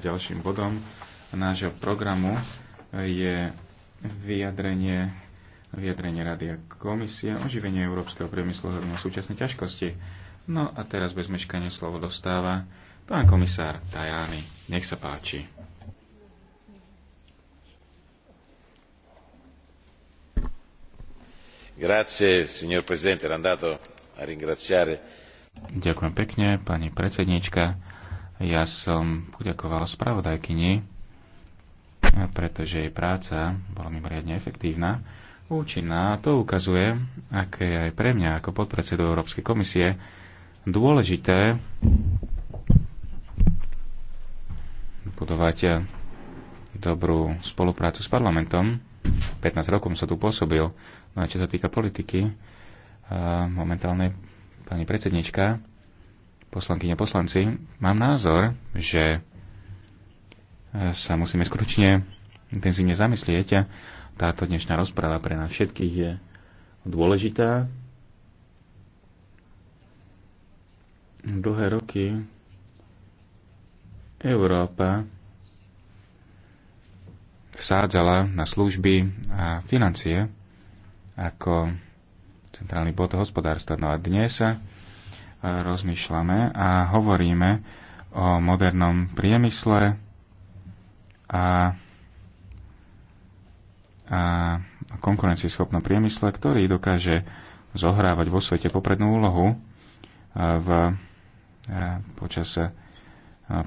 ďalším bodom nášho programu je vyjadrenie, vyjadrenie Rady a komisie oživenie európskeho priemyslu hľadom na súčasné ťažkosti. No a teraz bez meškania slovo dostáva pán komisár Tajani. Nech sa páči. Grazie, signor Presidente, andato a ringraziare. Ďakujem pekne, pani predsedníčka ja som poďakoval spravodajkyni, pretože jej práca bola mimoriadne efektívna, účinná. To ukazuje, aké je aj pre mňa ako podpredsedu Európskej komisie dôležité budovať dobrú spoluprácu s parlamentom. 15 rokov som tu pôsobil. No a čo sa týka politiky, momentálne pani predsednička poslankyne poslanci, mám názor, že e, sa musíme skutočne intenzívne zamyslieť a táto dnešná rozpráva pre nás všetkých je dôležitá. Dlhé roky Európa vsádzala na služby a financie ako centrálny bod hospodárstva. No a dnes sa rozmýšľame a hovoríme o modernom priemysle a, a konkurencieschopnom priemysle, ktorý dokáže zohrávať vo svete poprednú úlohu e, v, e, počas, e,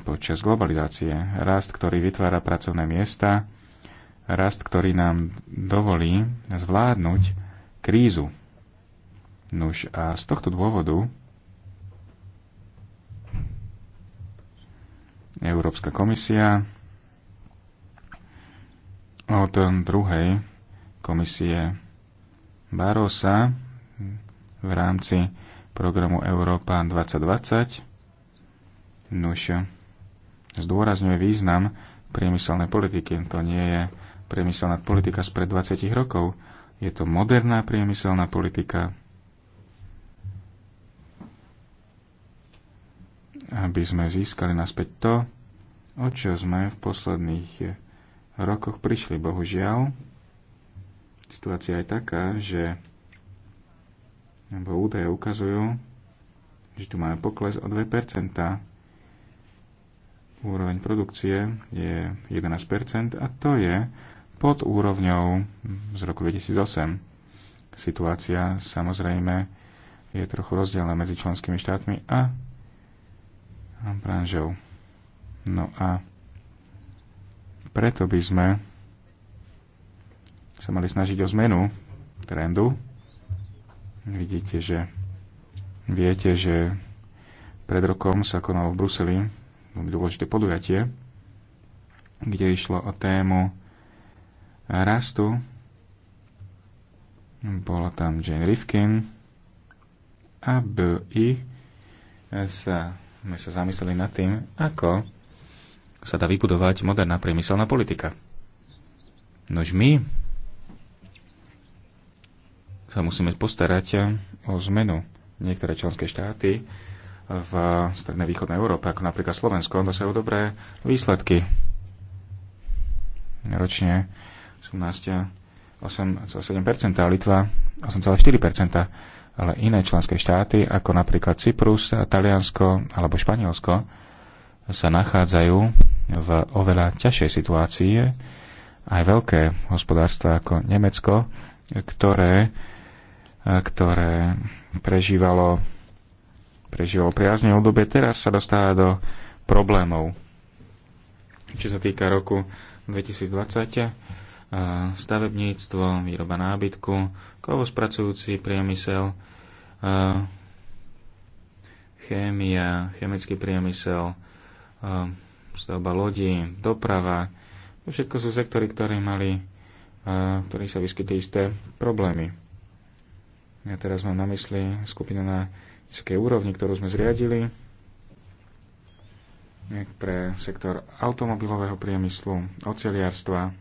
počas globalizácie. Rast, ktorý vytvára pracovné miesta, rast, ktorý nám dovolí zvládnuť krízu. Nuž a z tohto dôvodu Európska komisia od druhej komisie Barosa v rámci programu Európa 2020 nuž zdôrazňuje význam priemyselnej politiky. To nie je priemyselná politika spred 20 rokov. Je to moderná priemyselná politika, aby sme získali naspäť to, o čo sme v posledných eh, rokoch prišli. Bohužiaľ, situácia je taká, že alebo údaje ukazujú, že tu máme pokles o 2%. Úroveň produkcie je 11% a to je pod úrovňou z roku 2008. Situácia samozrejme je trochu rozdielna medzi členskými štátmi a branžou. No a preto by sme sa mali snažiť o zmenu trendu. Vidíte, že viete, že pred rokom sa konalo v Bruseli veľmi dôležité podujatie, kde išlo o tému rastu. Bola tam Jane Rifkin a BI sa, sme sa zamysleli nad tým, ako sa dá vybudovať moderná priemyselná politika. Nož my sa musíme postarať o zmenu. Niektoré členské štáty v strednej východnej Európe, ako napríklad Slovensko, dosahujú dobré výsledky. Ročne 18,7%, Litva 8,4%, ale iné členské štáty, ako napríklad Cyprus, Taliansko alebo Španielsko, sa nachádzajú v oveľa ťažšej situácii aj veľké hospodárstva ako Nemecko, ktoré, ktoré prežívalo, prežívalo priazne obdobie, teraz sa dostáva do problémov. Čo sa týka roku 2020, eh, stavebníctvo, výroba nábytku, kovospracujúci priemysel, eh, chémia, chemický priemysel, eh, stavba lodí, doprava, to všetko sú sektory, ktoré mali, v ktorých sa vyskytli isté problémy. Ja teraz mám na mysli skupinu na vysokej úrovni, ktorú sme zriadili pre sektor automobilového priemyslu, oceliarstva,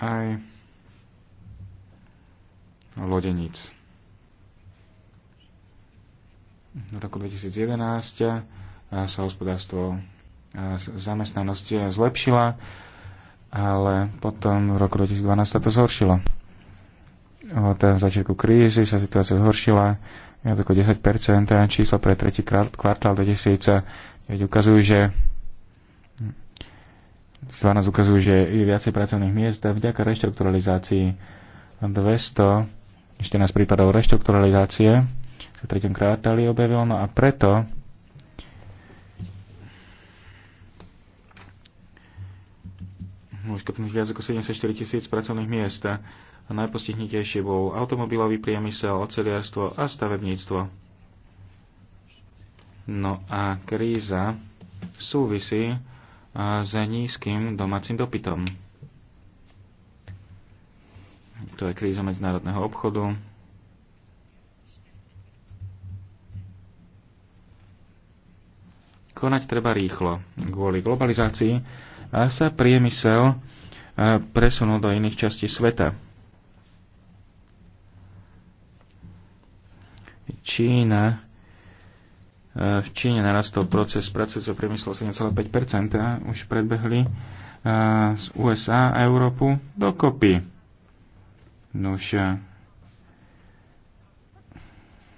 aj lodeníc. V roku 2011 sa hospodárstvo a zamestnanosť zlepšila, ale potom v roku 2012 sa to zhoršilo. Od začiatku krízy sa situácia zhoršila viac ako 10 Číslo pre tretí kvartál 2009 ukazujú, že 12 ukazujú, že je viacej pracovných miest a vďaka reštrukturalizácii ešte nás prípadov reštrukturalizácie sa v tretom kvartáli objavilo, no a preto uškrtnúť viac ako 74 tisíc pracovných miest. A najpostihnutejšie bol automobilový priemysel, oceliarstvo a stavebníctvo. No a kríza súvisí s nízkym domácim dopytom. To je kríza medzinárodného obchodu, Konať treba rýchlo. Kvôli globalizácii a sa priemysel presunul do iných častí sveta. Čína v Číne narastol proces pracujúceho priemyslu 7,5% a už predbehli z USA a Európu dokopy. Nuž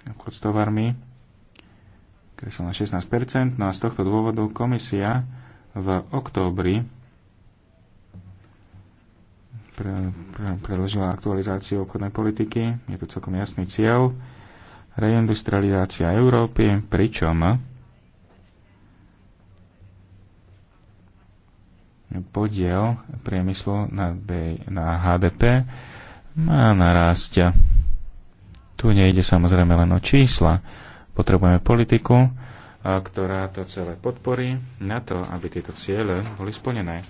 obchod s tovarmi kresol na 16%, no a z tohto dôvodu komisia v októbri pre, pre, predložila aktualizáciu obchodnej politiky. Je to celkom jasný cieľ. Reindustrializácia Európy, pričom podiel priemyslu na, B, na HDP má narásť. Tu nejde samozrejme len o čísla. Potrebujeme politiku, ktorá to celé podporí na to, aby tieto ciele boli splnené.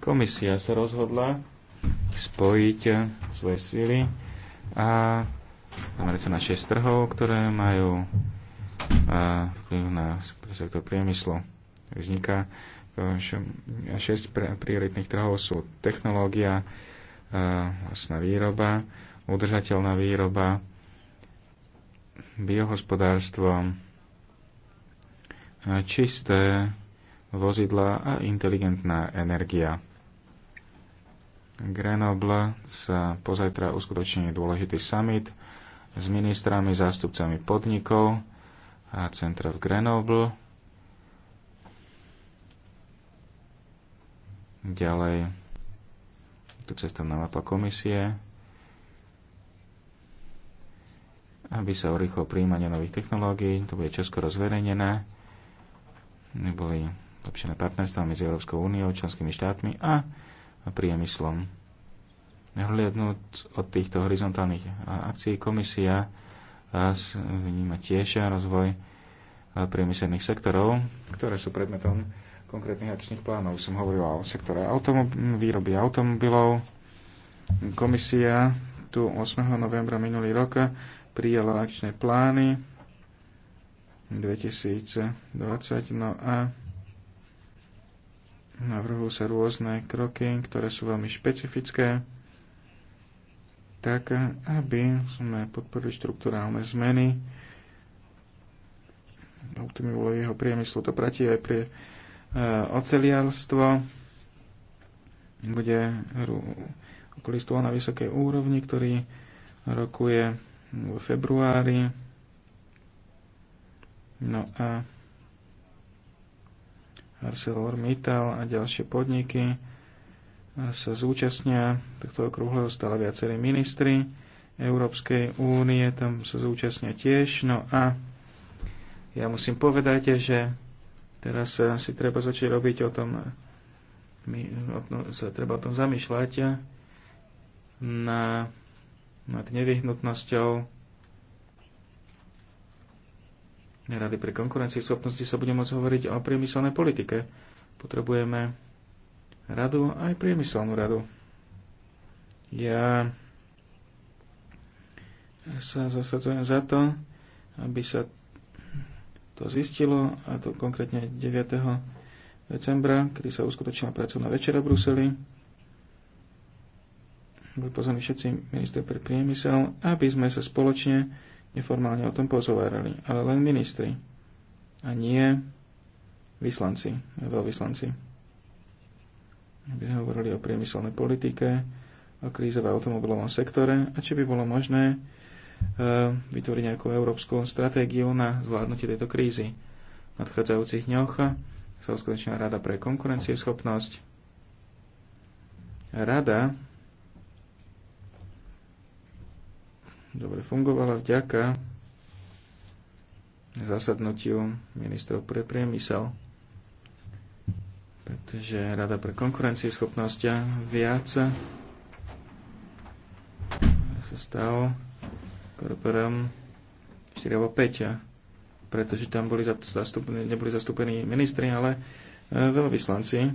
Komisia sa rozhodla spojiť svoje síly a zamerať sa na 6 trhov, ktoré majú vplyv na sektor priemyslu. Vzniká 6 prioritných trhov sú technológia, vlastná výroba, udržateľná výroba, biohospodárstvo, čisté vozidla a inteligentná energia. Grenoble sa pozajtra uskutoční dôležitý summit s ministrami, zástupcami podnikov a centra v Grenoble. Ďalej tu cestovná mapa komisie, aby sa urýchlo príjmanie nových technológií. To bude čoskoro zverejnené boli lepšené partnerstva medzi Európskou úniou, členskými štátmi a priemyslom. Nehliadnúť od týchto horizontálnych akcií komisia vníma tiež rozvoj priemyselných sektorov, ktoré sú predmetom konkrétnych akčných plánov. Som hovoril o sektore automob- výroby automobilov. Komisia tu 8. novembra minulý rok prijala akčné plány 2020. No a navrhujú sa rôzne kroky, ktoré sú veľmi špecifické, tak aby sme podporili štruktúrálne zmeny úlohy no, jeho priemyslu. To platí aj pre e, oceliarstvo. Bude okolistov na vysokej úrovni, ktorý rokuje v februári No a ArcelorMittal a ďalšie podniky sa zúčastnia tohto okrúhleho stále viacerí ministri Európskej únie, tam sa zúčastnia tiež. No a ja musím povedať, že teraz si treba začať robiť o tom, my, o sa treba o tom zamýšľať na, nad nevyhnutnosťou Rady pre schopnosti sa bude môcť hovoriť o priemyselnej politike. Potrebujeme radu, aj priemyselnú radu. Ja sa zasadzujem za to, aby sa to zistilo, a to konkrétne 9. decembra, kedy sa uskutočila pracovná večera v Bruseli. Budú pozvaní všetci minister pre priemysel, aby sme sa spoločne neformálne o tom pozovárali, ale len ministri a nie vyslanci, veľvyslanci. By hovorili o priemyselnej politike, o kríze v automobilovom sektore a či by bolo možné e, vytvoriť nejakú európsku stratégiu na zvládnutie tejto krízy. V nadchádzajúcich dňoch sa uskutočnila Rada pre konkurencieschopnosť. Rada dobre fungovala vďaka zasadnutiu ministrov pre priemysel, pretože Rada pre konkurencieschopnosť viac sa stal korporám 4 alebo 5, pretože tam boli zastupení, neboli zastúpení ministri, ale e, veľvyslanci.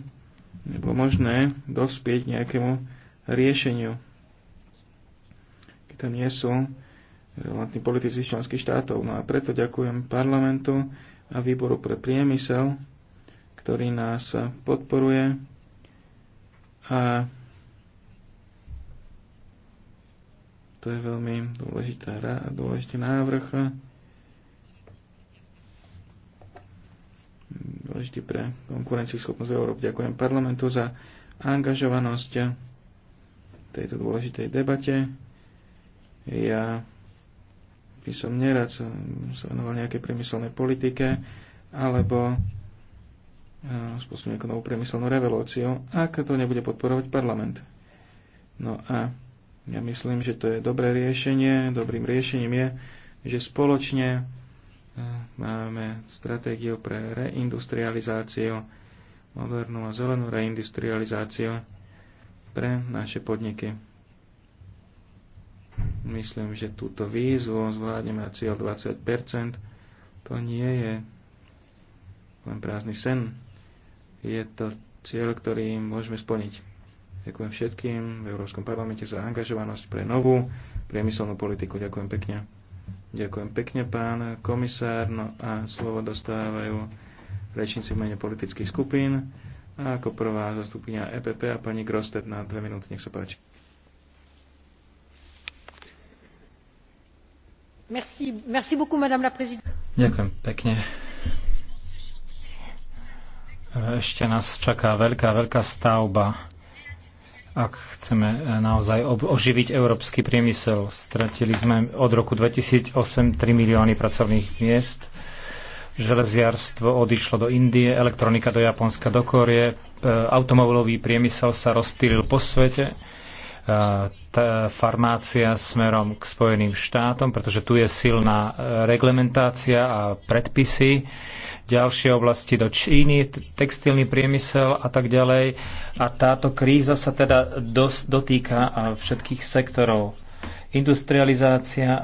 Nebolo možné dospieť nejakému riešeniu tam nie sú relevantní politici členských štátov. No a preto ďakujem parlamentu a výboru pre priemysel, ktorý nás podporuje a to je veľmi dôležitá, dôležitý návrh. Dôležitý pre konkurencieschopnosť v Európe. Ďakujem parlamentu za angažovanosť v tejto dôležitej debate. Ja by som nerad sa venoval nejakej priemyselnej politike alebo e, spôsobne nejakú novú priemyselnú revolúciu, ak to nebude podporovať parlament. No a ja myslím, že to je dobré riešenie. Dobrým riešením je, že spoločne e, máme stratégiu pre reindustrializáciu, modernú a zelenú reindustrializáciu pre naše podniky. Myslím, že túto výzvu zvládneme na cieľ 20%. To nie je len prázdny sen. Je to cieľ, ktorý môžeme splniť. Ďakujem všetkým v Európskom parlamente za angažovanosť pre novú priemyselnú politiku. Ďakujem pekne. Ďakujem pekne, pán komisár. No a slovo dostávajú rečníci v mene politických skupín. A ako prvá zastupňa EPP a pani Grostet na dve minúty, nech sa páči. Ďakujem pekne. Ešte nás čaká veľká, veľká stavba. Ak chceme eh, naozaj oživiť európsky priemysel, stratili sme od roku 2008 3 milióny pracovných miest železiarstvo odišlo do Indie, elektronika do Japonska, do Kórie, eh, automobilový priemysel sa rozptýlil po svete E, farmácia smerom k Spojeným štátom, pretože tu je silná e, reglementácia a predpisy. Ďalšie oblasti do Číny, textilný priemysel a tak ďalej. A táto kríza sa teda dos- dotýka všetkých sektorov. Industrializácia, e,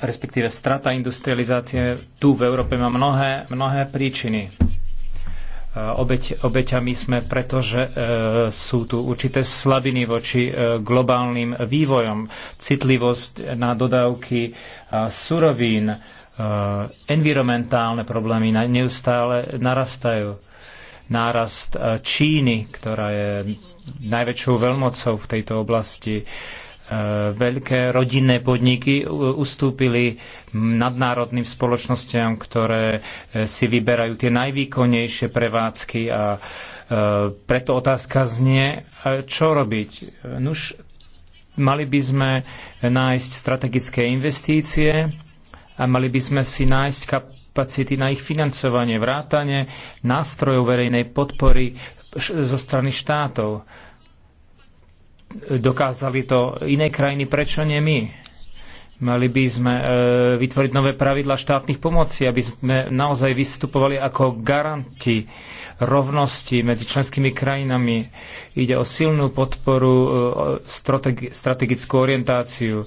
respektíve strata industrializácie tu v Európe má mnohé, mnohé príčiny obeť, obeťami sme, pretože e, sú tu určité slabiny voči e, globálnym vývojom. Citlivosť na dodávky e, surovín, e, environmentálne problémy na, neustále narastajú. Nárast e, Číny, ktorá je najväčšou veľmocou v tejto oblasti, e, E, veľké rodinné podniky ustúpili nadnárodným spoločnosťam, ktoré e, si vyberajú tie najvýkonnejšie prevádzky a e, preto otázka znie, čo robiť. Nuž, mali by sme nájsť strategické investície a mali by sme si nájsť kapacity na ich financovanie, vrátanie nástrojov verejnej podpory zo strany štátov dokázali to iné krajiny, prečo nie my? Mali by sme e, vytvoriť nové pravidla štátnych pomoci, aby sme naozaj vystupovali ako garanti rovnosti medzi členskými krajinami. Ide o silnú podporu, e, strategickú orientáciu. E,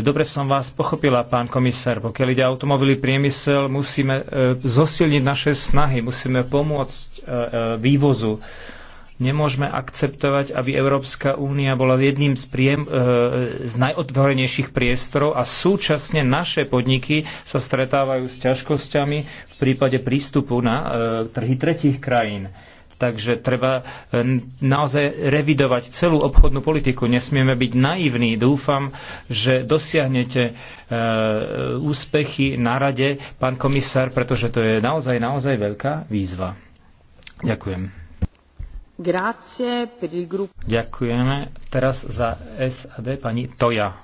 dobre som vás pochopila, pán komisár. Pokiaľ ide automobilý priemysel, musíme e, zosilniť naše snahy, musíme pomôcť e, e, vývozu Nemôžeme akceptovať, aby Európska únia bola jedným z, e, z najotvorenejších priestorov a súčasne naše podniky sa stretávajú s ťažkosťami v prípade prístupu na e, trhy tretích krajín. Takže treba e, naozaj revidovať celú obchodnú politiku. Nesmieme byť naivní. Dúfam, že dosiahnete e, úspechy na rade, pán komisár, pretože to je naozaj, naozaj veľká výzva. Ďakujem. Ďakujeme. Teraz za SAD pani Toja.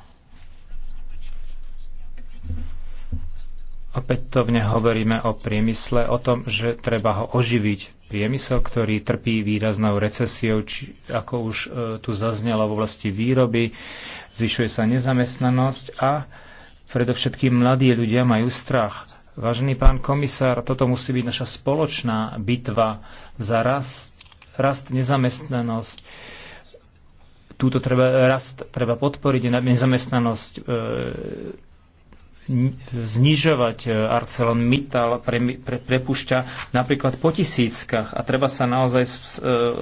Opätovne hovoríme o priemysle, o tom, že treba ho oživiť. Priemysel, ktorý trpí výraznou recesiou, či, ako už e, tu zaznelo v oblasti výroby, zvyšuje sa nezamestnanosť a predovšetkým mladí ľudia majú strach. Vážený pán komisár, toto musí byť naša spoločná bitva za rast rast nezamestnanosť. Túto treba, rast treba podporiť, nezamestnanosť e, znižovať e, Arcelon Mittal pre, pre, prepušťa napríklad po tisíckach a treba sa naozaj e,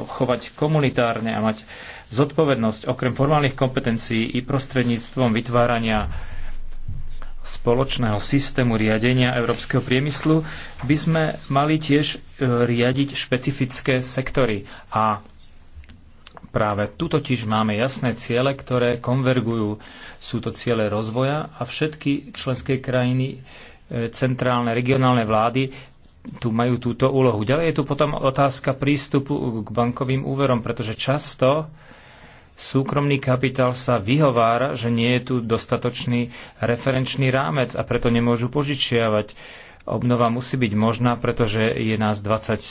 chovať komunitárne a mať zodpovednosť okrem formálnych kompetencií i prostredníctvom vytvárania spoločného systému riadenia európskeho priemyslu by sme mali tiež e, riadiť špecifické sektory. A práve tu totiž máme jasné ciele, ktoré konvergujú. Sú to ciele rozvoja a všetky členské krajiny, e, centrálne, regionálne vlády tu majú túto úlohu. Ďalej je tu potom otázka prístupu k bankovým úverom, pretože často súkromný kapitál sa vyhovára, že nie je tu dostatočný referenčný rámec a preto nemôžu požičiavať. Obnova musí byť možná, pretože je nás 27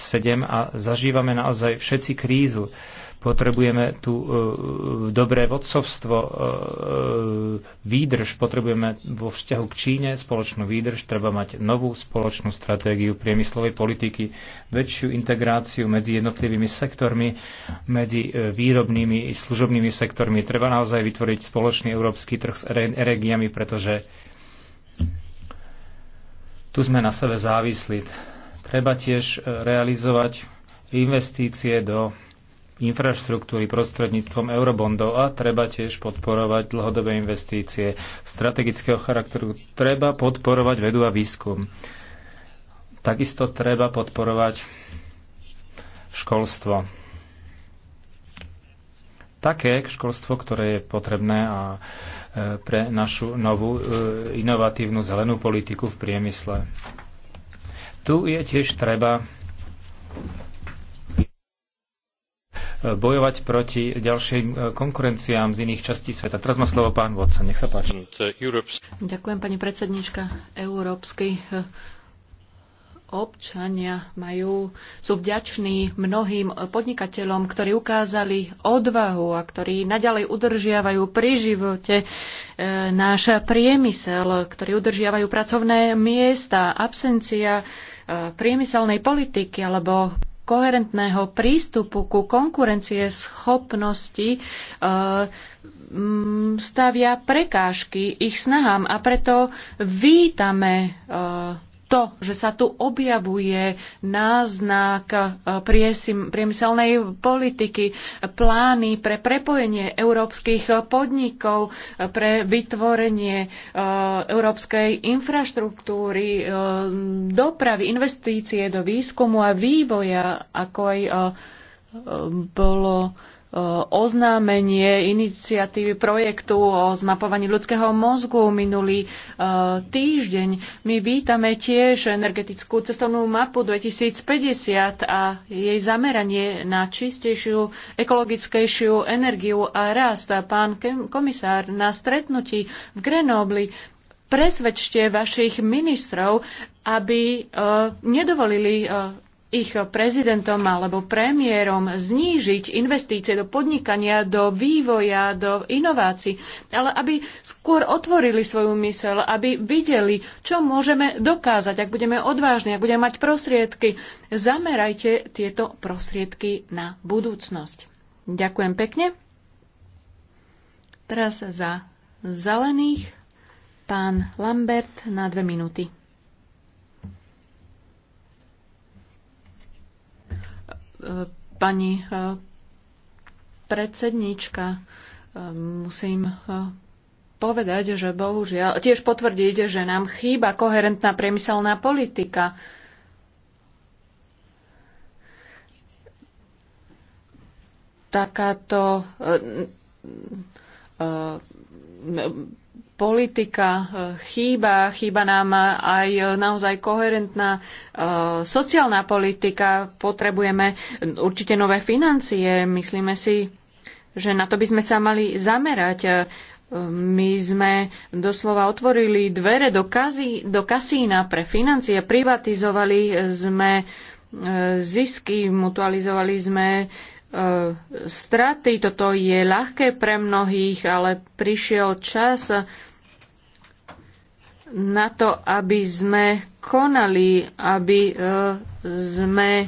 a zažívame naozaj všetci krízu. Potrebujeme tu e, e, dobré vodcovstvo, e, výdrž, potrebujeme vo vzťahu k Číne spoločnú výdrž, treba mať novú spoločnú stratégiu priemyslovej politiky, väčšiu integráciu medzi jednotlivými sektormi, medzi výrobnými i služobnými sektormi. Treba naozaj vytvoriť spoločný európsky trh s energiami, pretože tu sme na sebe závislí. Treba tiež realizovať investície do infraštruktúry prostredníctvom eurobondov a treba tiež podporovať dlhodobé investície strategického charakteru. Treba podporovať vedu a výskum. Takisto treba podporovať školstvo. Také školstvo, ktoré je potrebné a e, pre našu novú e, inovatívnu zelenú politiku v priemysle. Tu je tiež treba bojovať proti ďalším e, konkurenciám z iných častí sveta. Teraz má slovo pán Vodca, nech sa páči. Ďakujem, pani predsednička. Európsky e, občania majú, sú vďační mnohým podnikateľom, ktorí ukázali odvahu a ktorí naďalej udržiavajú pri živote e, náš priemysel, ktorí udržiavajú pracovné miesta, absencia e, priemyselnej politiky alebo koherentného prístupu ku konkurencie schopnosti eh, stavia prekážky ich snahám a preto vítame eh, to, že sa tu objavuje náznak e, priemyselnej politiky, plány pre prepojenie európskych podnikov, e, pre vytvorenie e, európskej infraštruktúry, dopravy, investície do výskumu a vývoja, ako aj bolo oznámenie iniciatívy projektu o zmapovaní ľudského mozgu minulý e, týždeň. My vítame tiež energetickú cestovnú mapu 2050 a jej zameranie na čistejšiu, ekologickejšiu energiu a rast. Pán komisár, na stretnutí v Grenobli presvedčte vašich ministrov, aby e, nedovolili e, ich prezidentom alebo premiérom znížiť investície do podnikania, do vývoja, do inovácií, ale aby skôr otvorili svoju mysel, aby videli, čo môžeme dokázať, ak budeme odvážni, ak budeme mať prostriedky. Zamerajte tieto prostriedky na budúcnosť. Ďakujem pekne. Teraz za zelených pán Lambert na dve minúty. Pani eh, predsednička, eh, musím eh, povedať, že bohužiaľ, tiež potvrdiť, že nám chýba koherentná priemyselná politika. Takáto politika e, chýba. Chýba nám aj naozaj koherentná e, sociálna politika. Potrebujeme určite nové financie. Myslíme si, že na to by sme sa mali zamerať. E, my sme doslova otvorili dvere do, kazí, do kasína pre financie, privatizovali sme zisky, mutualizovali sme straty. Toto je ľahké pre mnohých, ale prišiel čas na to, aby sme konali, aby e, sme e,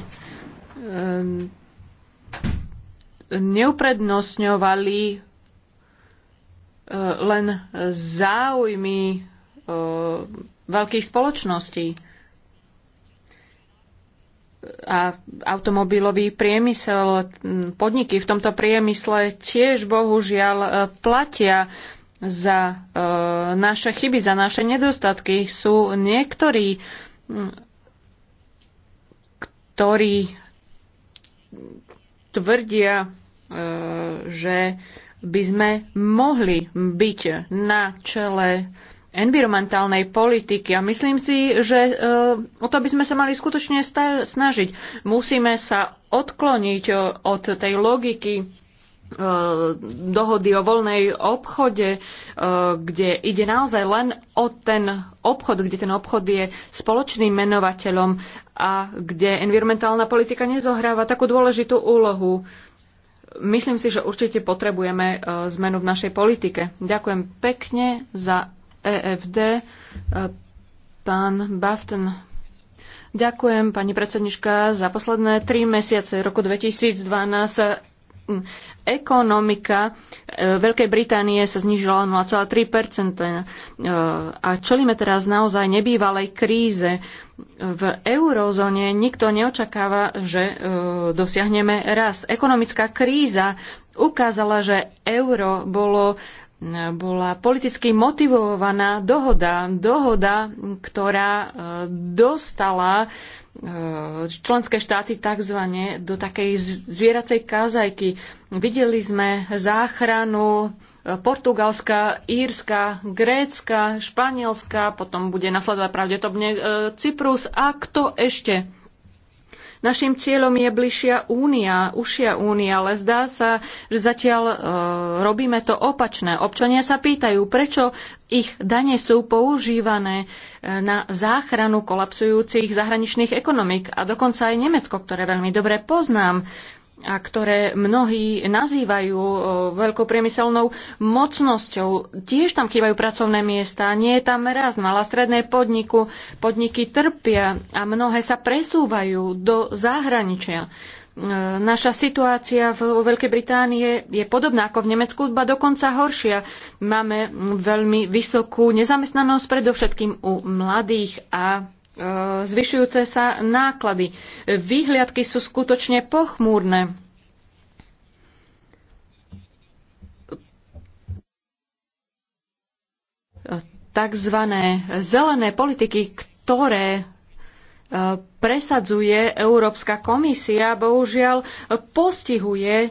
neuprednostňovali e, len záujmy veľkých spoločností. A automobilový priemysel, podniky v tomto priemysle tiež bohužiaľ platia za e, naše chyby, za naše nedostatky. Sú niektorí, ktorí tvrdia, e, že by sme mohli byť na čele environmentálnej politiky a myslím si, že e, o to by sme sa mali skutočne snažiť. Musíme sa odkloniť e, od tej logiky Eh, dohody o voľnej obchode, eh, kde ide naozaj len o ten obchod, kde ten obchod je spoločným menovateľom a kde environmentálna politika nezohráva takú dôležitú úlohu. Myslím si, že určite potrebujeme eh, zmenu v našej politike. Ďakujem pekne za EFD. Pán Bafton, Ďakujem, pani predsednička. Za posledné tri mesiace roku 2012 Mm. ekonomika e, Veľkej Británie sa znižila 0,3 e, a čelíme teraz naozaj nebývalej kríze. V eurozóne nikto neočakáva, že e, dosiahneme rast. Ekonomická kríza ukázala, že euro bolo bola politicky motivovaná dohoda, dohoda, ktorá e, dostala e, členské štáty tzv. do takej zvieracej kázajky. Videli sme záchranu e, Portugalska, Írska, Grécka, Španielska, potom bude nasledovať pravdepodobne Cyprus a kto ešte? Našim cieľom je bližšia únia, užšia únia, ale zdá sa, že zatiaľ e, robíme to opačné. Občania sa pýtajú, prečo ich dane sú používané e, na záchranu kolapsujúcich zahraničných ekonomik a dokonca aj Nemecko, ktoré veľmi dobre poznám, a ktoré mnohí nazývajú e, veľkou priemyselnou mocnosťou. Tiež tam chýbajú pracovné miesta, nie je tam raz malá stredné podniku, podniky trpia a mnohé sa presúvajú do zahraničia. E, naša situácia v Veľkej Británii je podobná ako v Nemecku, ba dokonca horšia. Máme veľmi vysokú nezamestnanosť, predovšetkým u mladých a E, zvyšujúce sa náklady. Výhliadky sú skutočne pochmúrne. Takzvané zelené politiky, ktoré e, presadzuje Európska komisia, bohužiaľ postihuje e,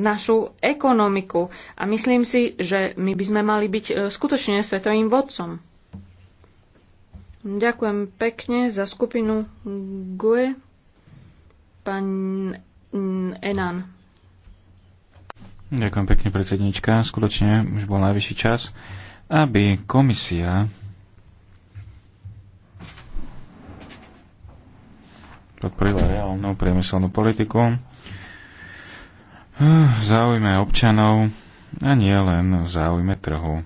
našu ekonomiku. A myslím si, že my by sme mali byť skutočne svetovým vodcom. Ďakujem pekne za skupinu GUE, pán Enan. Ďakujem pekne, predsednička. Skutočne už bol najvyšší čas, aby komisia podporila reálnu priemyselnú politiku v záujme občanov a nie len v záujme trhu.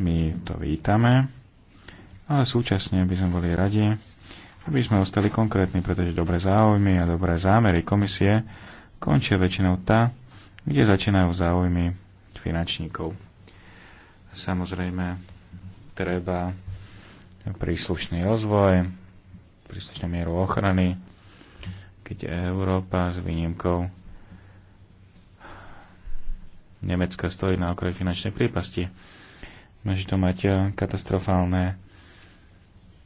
My to vítame ale súčasne by sme boli radi, aby sme ostali konkrétni, pretože dobré záujmy a dobré zámery komisie končia väčšinou tá, kde začínajú záujmy finančníkov. Samozrejme, treba príslušný rozvoj, príslušnú mieru ochrany, keď Európa s výnimkou Nemecka stojí na okraji finančnej prípasti. Môže to mať katastrofálne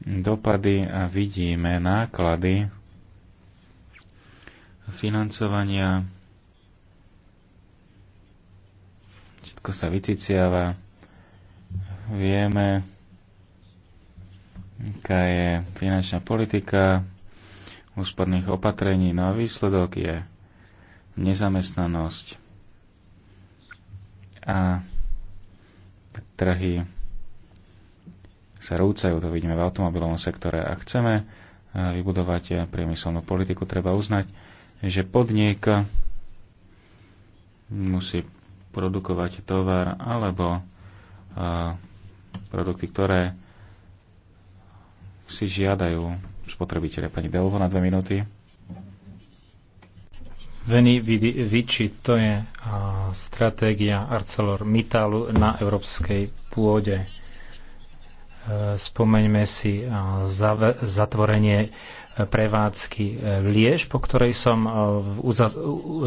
dopady a vidíme náklady financovania. Všetko sa vyciciava. Vieme, aká je finančná politika úsporných opatrení. No a výsledok je nezamestnanosť a trhy sa rúcajú, to vidíme v automobilovom sektore. A chceme eh, vybudovať eh, priemyselnú politiku, treba uznať, že podnik musí produkovať tovar alebo eh, produkty, ktoré si žiadajú spotrebitelia. Pani Delvo na dve minúty. Veni Vici to je stratégia ArcelorMittalu na európskej pôde Spomeňme si eh, zatvorenie eh, prevádzky eh, Liež, po ktorej som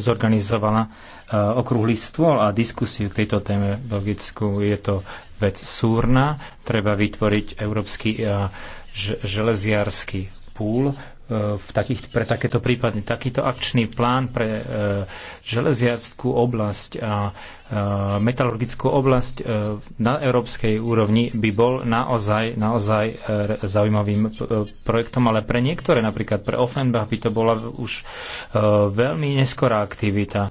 zorganizovala okrúhly stôl a diskusiu k tejto téme v Belgicku. Je to vec súrna, treba vytvoriť európsky železiársky púl, E, v takých, pre takéto prípady. Takýto akčný plán pre e, železiarskú oblasť a e, metalurgickú oblasť e, na európskej úrovni by bol naozaj, naozaj e, zaujímavým e, projektom, ale pre niektoré, napríklad pre Offenbach, by to bola už e, veľmi neskorá aktivita. E,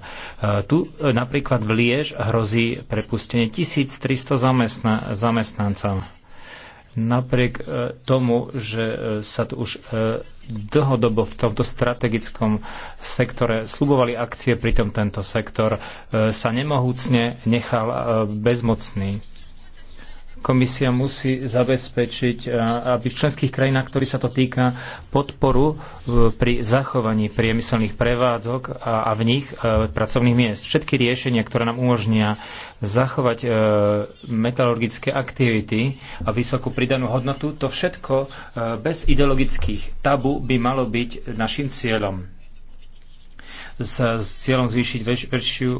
tu e, napríklad v Liež hrozí prepustenie 1300 zamestna, zamestnancov Napriek e, tomu, že e, sa tu už e, dlhodobo v tomto strategickom sektore slubovali akcie, pritom tento sektor sa nemohúcne nechal bezmocný. Komisia musí zabezpečiť, e, aby v členských krajinách, ktorý sa to týka, podporu e, pri zachovaní priemyselných prevádzok a v nich e, pracovných miest. Všetky riešenia, ktoré nám umožnia zachovať metalurgické aktivity a vysokú pridanú hodnotu, to všetko bez ideologických tabu by malo byť našim cieľom s, s cieľom zvýšiť väč, väčšiu,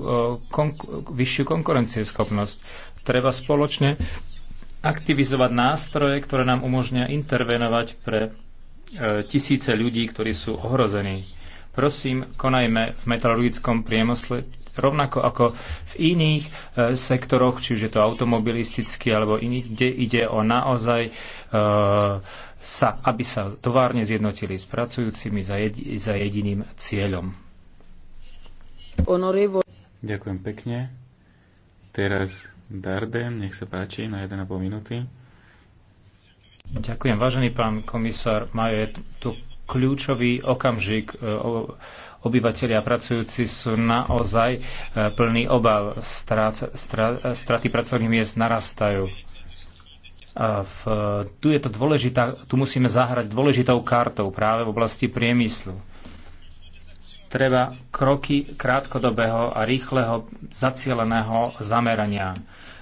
konku, vyššiu konkurencieschopnosť. Treba spoločne aktivizovať nástroje, ktoré nám umožnia intervenovať pre e, tisíce ľudí, ktorí sú ohrození. Prosím, konajme v metalurgickom priemysle rovnako ako v iných e, sektoroch, či už je to automobilistický alebo iný, kde ide o naozaj, e, sa, aby sa továrne zjednotili s pracujúcimi za, jed, za jediným cieľom. Ďakujem pekne. Teraz Darden, nech sa páči, na 1,5 minúty. Ďakujem. Vážený pán komisár, má je tu kľúčový okamžik. E, obyvatelia pracujúci sú naozaj e, plný obav. Strat, strat, straty pracovných miest narastajú. A v, tu je to dôležitá, tu musíme zahrať dôležitou kartou práve v oblasti priemyslu. Treba kroky krátkodobého a rýchleho zacieleného zamerania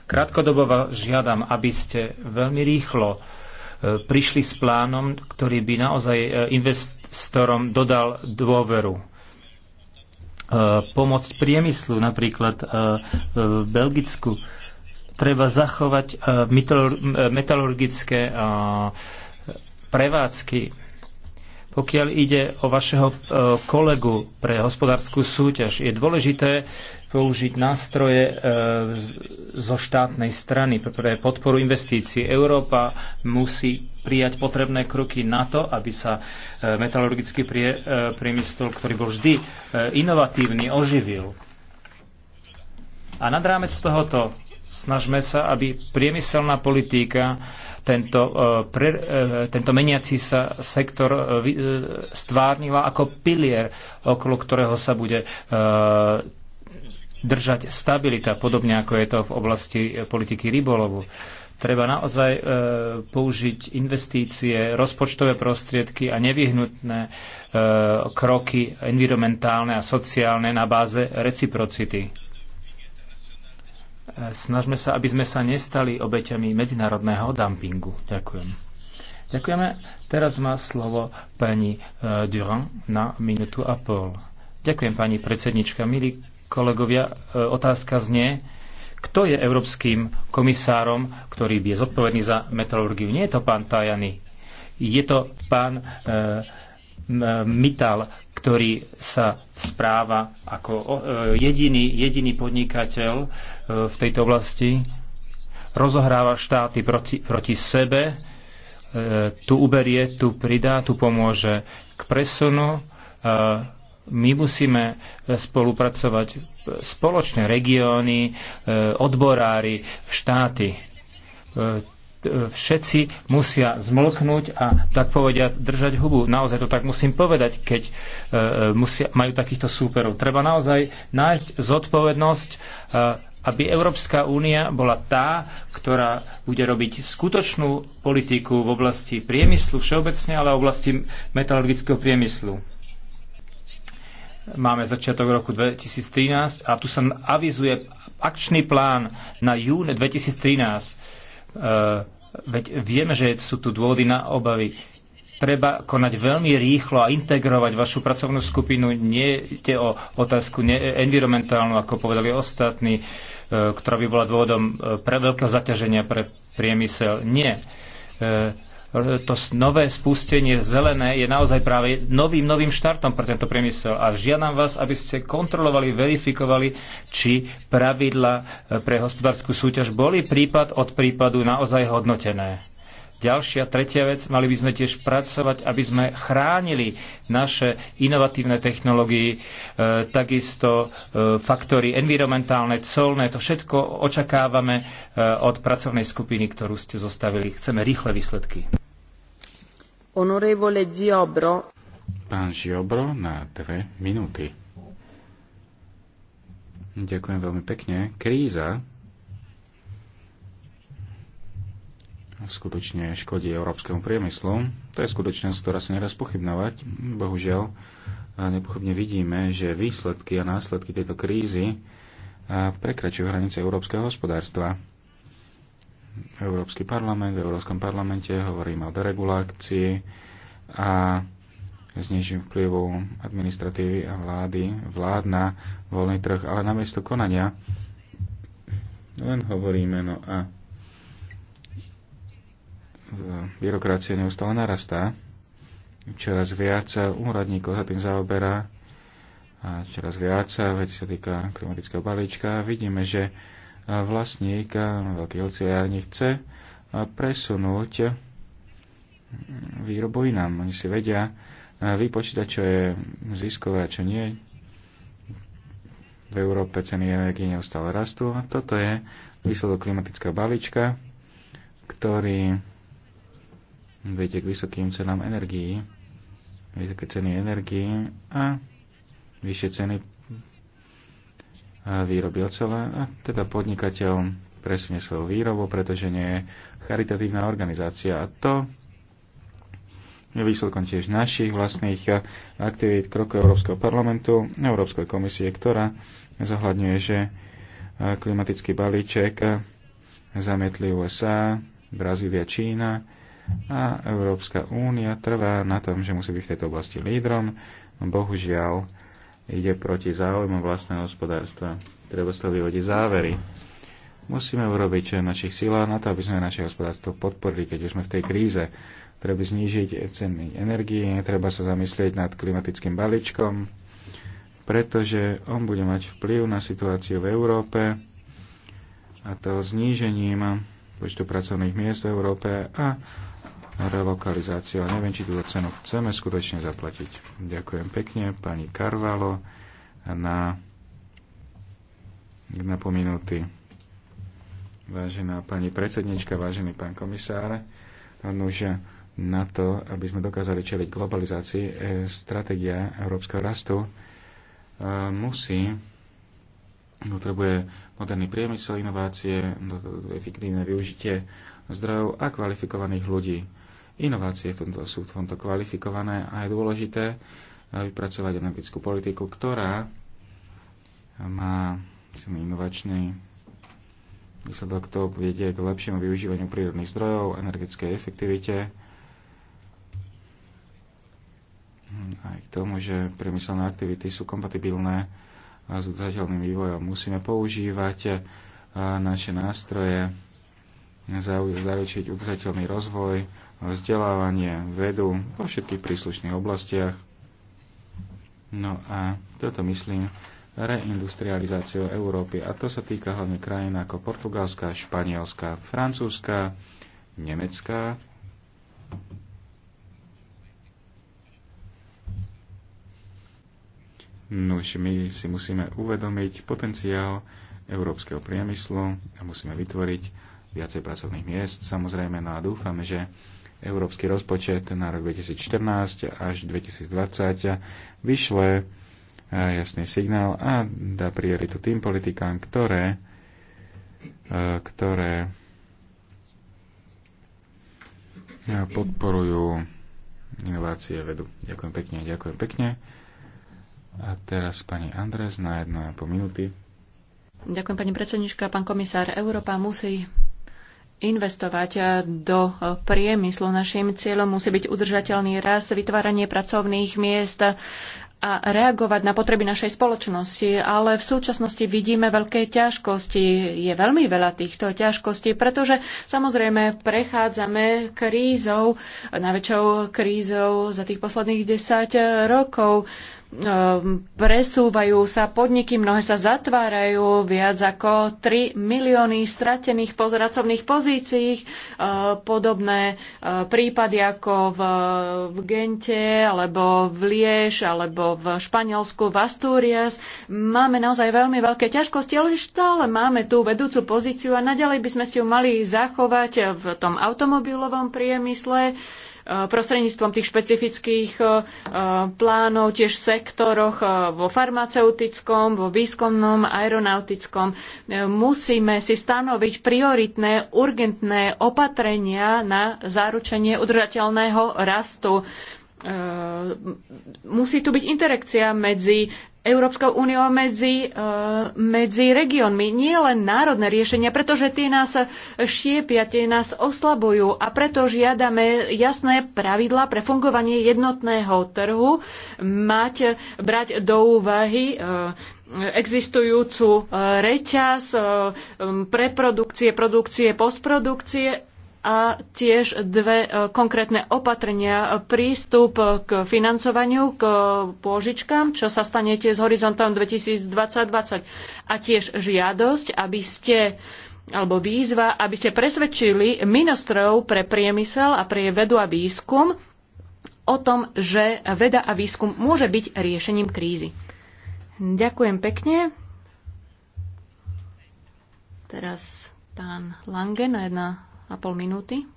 Krátkodobo vás žiadam, aby ste veľmi rýchlo e, prišli s plánom, ktorý by naozaj e, investorom dodal dôveru. E, pomoc priemyslu napríklad v Belgicku. Treba zachovať metalurgické prevádzky, pokiaľ ide o vašeho kolegu pre hospodárskú súťaž, je dôležité použiť nástroje e, zo štátnej strany pre podporu investícií. Európa musí prijať potrebné kroky na to, aby sa e, metalurgický e, priemysel, ktorý bol vždy inovatívny, oživil. A nad rámec tohoto snažme sa, aby priemyselná politika tento, pre, tento meniaci sa sektor stvárnila ako pilier, okolo ktorého sa bude držať stabilita, podobne ako je to v oblasti e, politiky rybolovu. Treba naozaj e, použiť investície, rozpočtové prostriedky a nevyhnutné e, kroky environmentálne a sociálne na báze reciprocity. E, snažme sa, aby sme sa nestali obeťami medzinárodného dumpingu. Ďakujem. Ďakujeme. Teraz má slovo pani e, Durand na minútu a pol. Ďakujem pani predsednička. Milí kolegovia, e, otázka znie, kto je európskym komisárom, ktorý je zodpovedný za metalurgiu. Nie je to pán Tajany, je to pán e, e Mital, ktorý sa správa ako e, jediný, jediný podnikateľ v tejto oblasti, rozohráva štáty proti, proti sebe, tu uberie, tu pridá, tu pomôže k presunu, my musíme e, spolupracovať e, spoločné regióny, e, odborári, štáty. Všetci musia zmlknúť a tak povediať držať hubu. Naozaj to tak musím povedať, keď musia, majú takýchto súperov. Treba naozaj nájsť zodpovednosť, aby Európska únia bola tá, ktorá bude robiť skutočnú politiku v oblasti priemyslu všeobecne, ale v oblasti metalurgického priemyslu Máme začiatok roku 2013 a tu sa avizuje akčný plán na jún 2013. E, veď vieme, že sú tu dôvody na obavy. Treba konať veľmi rýchlo a integrovať vašu pracovnú skupinu. Nie ide o otázku environmentálnu, ako povedali ostatní, e, ktorá by bola dôvodom e, pre veľkého zaťaženia pre priemysel. Nie to nové spustenie zelené je naozaj práve novým, novým štartom pre tento priemysel. A žiadam vás, aby ste kontrolovali, verifikovali, či pravidla eh, pre hospodárskú súťaž boli prípad od prípadu naozaj hodnotené. Ďalšia, tretia vec, mali by sme tiež pracovať, aby sme chránili naše inovatívne technológie, e, takisto e, faktory environmentálne, colné, to všetko očakávame e, od pracovnej skupiny, ktorú ste zostavili. Chceme rýchle výsledky. Pán Žiobro na dve minúty. Ďakujem veľmi pekne. Kríza skutočne škodí európskemu priemyslu. To je skutočnosť, ktorá sa nedá pochybnovať. Bohužiaľ, nepochybne vidíme, že výsledky a následky tejto krízy prekračujú hranice európskeho hospodárstva. Európsky parlament, v Európskom parlamente hovoríme o deregulácii a znižím vplyvu administratívy a vlády, vlád na voľný trh, ale namiesto konania len hovoríme, no a byrokracia neustále narastá, čoraz viac úradníkov sa tým zaoberá a čoraz viac veci sa týka klimatického balíčka. Vidíme, že vlastník veľký oceárne chce presunúť výrobu inám. Oni si vedia vypočítať, čo je ziskové a čo nie. V Európe ceny energie neustále rastú a toto je výsledok klimatického balíčka, ktorý vedie k vysokým cenám energií, vysoké ceny energií a vyššie ceny výroby ocele a teda podnikateľ presunie svoju výrobu, pretože nie je charitatívna organizácia. A to je výsledkom tiež našich vlastných aktivít kroku Európskeho parlamentu, Európskej komisie, ktorá zohľadňuje, že klimatický balíček zamietli USA, Brazília, Čína a Európska únia trvá na tom, že musí byť v tejto oblasti lídrom. Bohužiaľ, ide proti záujmu vlastného hospodárstva. Treba sa vyvodiť závery. Musíme urobiť čo našich silách na to, aby sme naše hospodárstvo podporili, keď už sme v tej kríze. Treba znížiť ceny energie, treba sa zamyslieť nad klimatickým balíčkom, pretože on bude mať vplyv na situáciu v Európe a to znížením počtu pracovných miest v Európe a relokalizáciu a neviem, či túto cenu chceme skutočne zaplatiť. Ďakujem pekne pani Karvalo na na Vážená pani predsednička, vážený pán komisár, nože na to, aby sme dokázali čeliť globalizácii, e, stratégia európskeho rastu e, musí potrebuje moderný priemysel, inovácie, efektívne využitie zdrojov a kvalifikovaných ľudí. Inovácie v tomto sú v tomto kvalifikované a je dôležité eh, vypracovať energetickú politiku, ktorá má inovačný výsledok to vedie k lepšiemu využívaniu prírodných zdrojov, energetickej efektivite hm, aj k tomu, že priemyselné aktivity sú kompatibilné eh, s udržateľným vývojom. Musíme používať eh, naše nástroje, zaručiť udržateľný rozvoj, vzdelávanie, vedu vo všetkých príslušných oblastiach. No a toto myslím reindustrializáciou Európy. A to sa týka hlavne krajín ako Portugalská, Španielská, Francúzska, Nemecká. Nuž my si musíme uvedomiť potenciál európskeho priemyslu a musíme vytvoriť viacej pracovných miest. Samozrejme, no a dúfame, že európsky rozpočet na rok 2014 až 2020 vyšle eh, jasný signál a dá prioritu tým politikám, ktoré, eh, ktoré eh, podporujú inovácie vedu. Ďakujem pekne, ďakujem pekne. A teraz pani Andres na po minúty. Ďakujem pani predsednička, pán komisár. Európa musí investovať eh, do eh, priemyslu. Našim cieľom musí byť udržateľný rast, vytváranie pracovných miest a reagovať na potreby našej spoločnosti, ale v súčasnosti vidíme veľké ťažkosti. Je veľmi veľa týchto ťažkostí, pretože samozrejme prechádzame krízou, najväčšou krízou za tých posledných 10 rokov Ehm, presúvajú sa podniky, mnohé sa zatvárajú, viac ako 3 milióny stratených pracovných pozícií, ehm, podobné ehm, prípady ako v, v Gente, alebo v Liež, alebo v Španielsku, v Asturias. Máme naozaj veľmi veľké ťažkosti, ale stále máme tú vedúcu pozíciu a naďalej by sme si ju mali zachovať v tom automobilovom priemysle prostredníctvom tých špecifických e, plánov, tiež v sektoroch e, vo farmaceutickom, vo výskumnom, aeronautickom. E, musíme si stanoviť prioritné, urgentné opatrenia na zaručenie udržateľného rastu. Ehm, musí tu byť interakcia medzi Európskou úniou a medzi, ehm, medzi regiónmi. Nie len národné riešenia, pretože tie nás šiepia, tie nás oslabujú a preto žiadame jasné pravidlá pre fungovanie jednotného trhu, mať, brať do úvahy ehm, existujúcu reťaz preprodukcie, produkcie, postprodukcie a tiež dve e, konkrétne opatrenia. Prístup k financovaniu, k pôžičkám, čo sa stanete s horizontom 2020 a tiež žiadosť, aby ste alebo výzva, aby ste presvedčili ministrov pre priemysel a pre vedu a výskum o tom, že veda a výskum môže byť riešením krízy. Ďakujem pekne. Teraz pán Lange na jedna a pol minúty.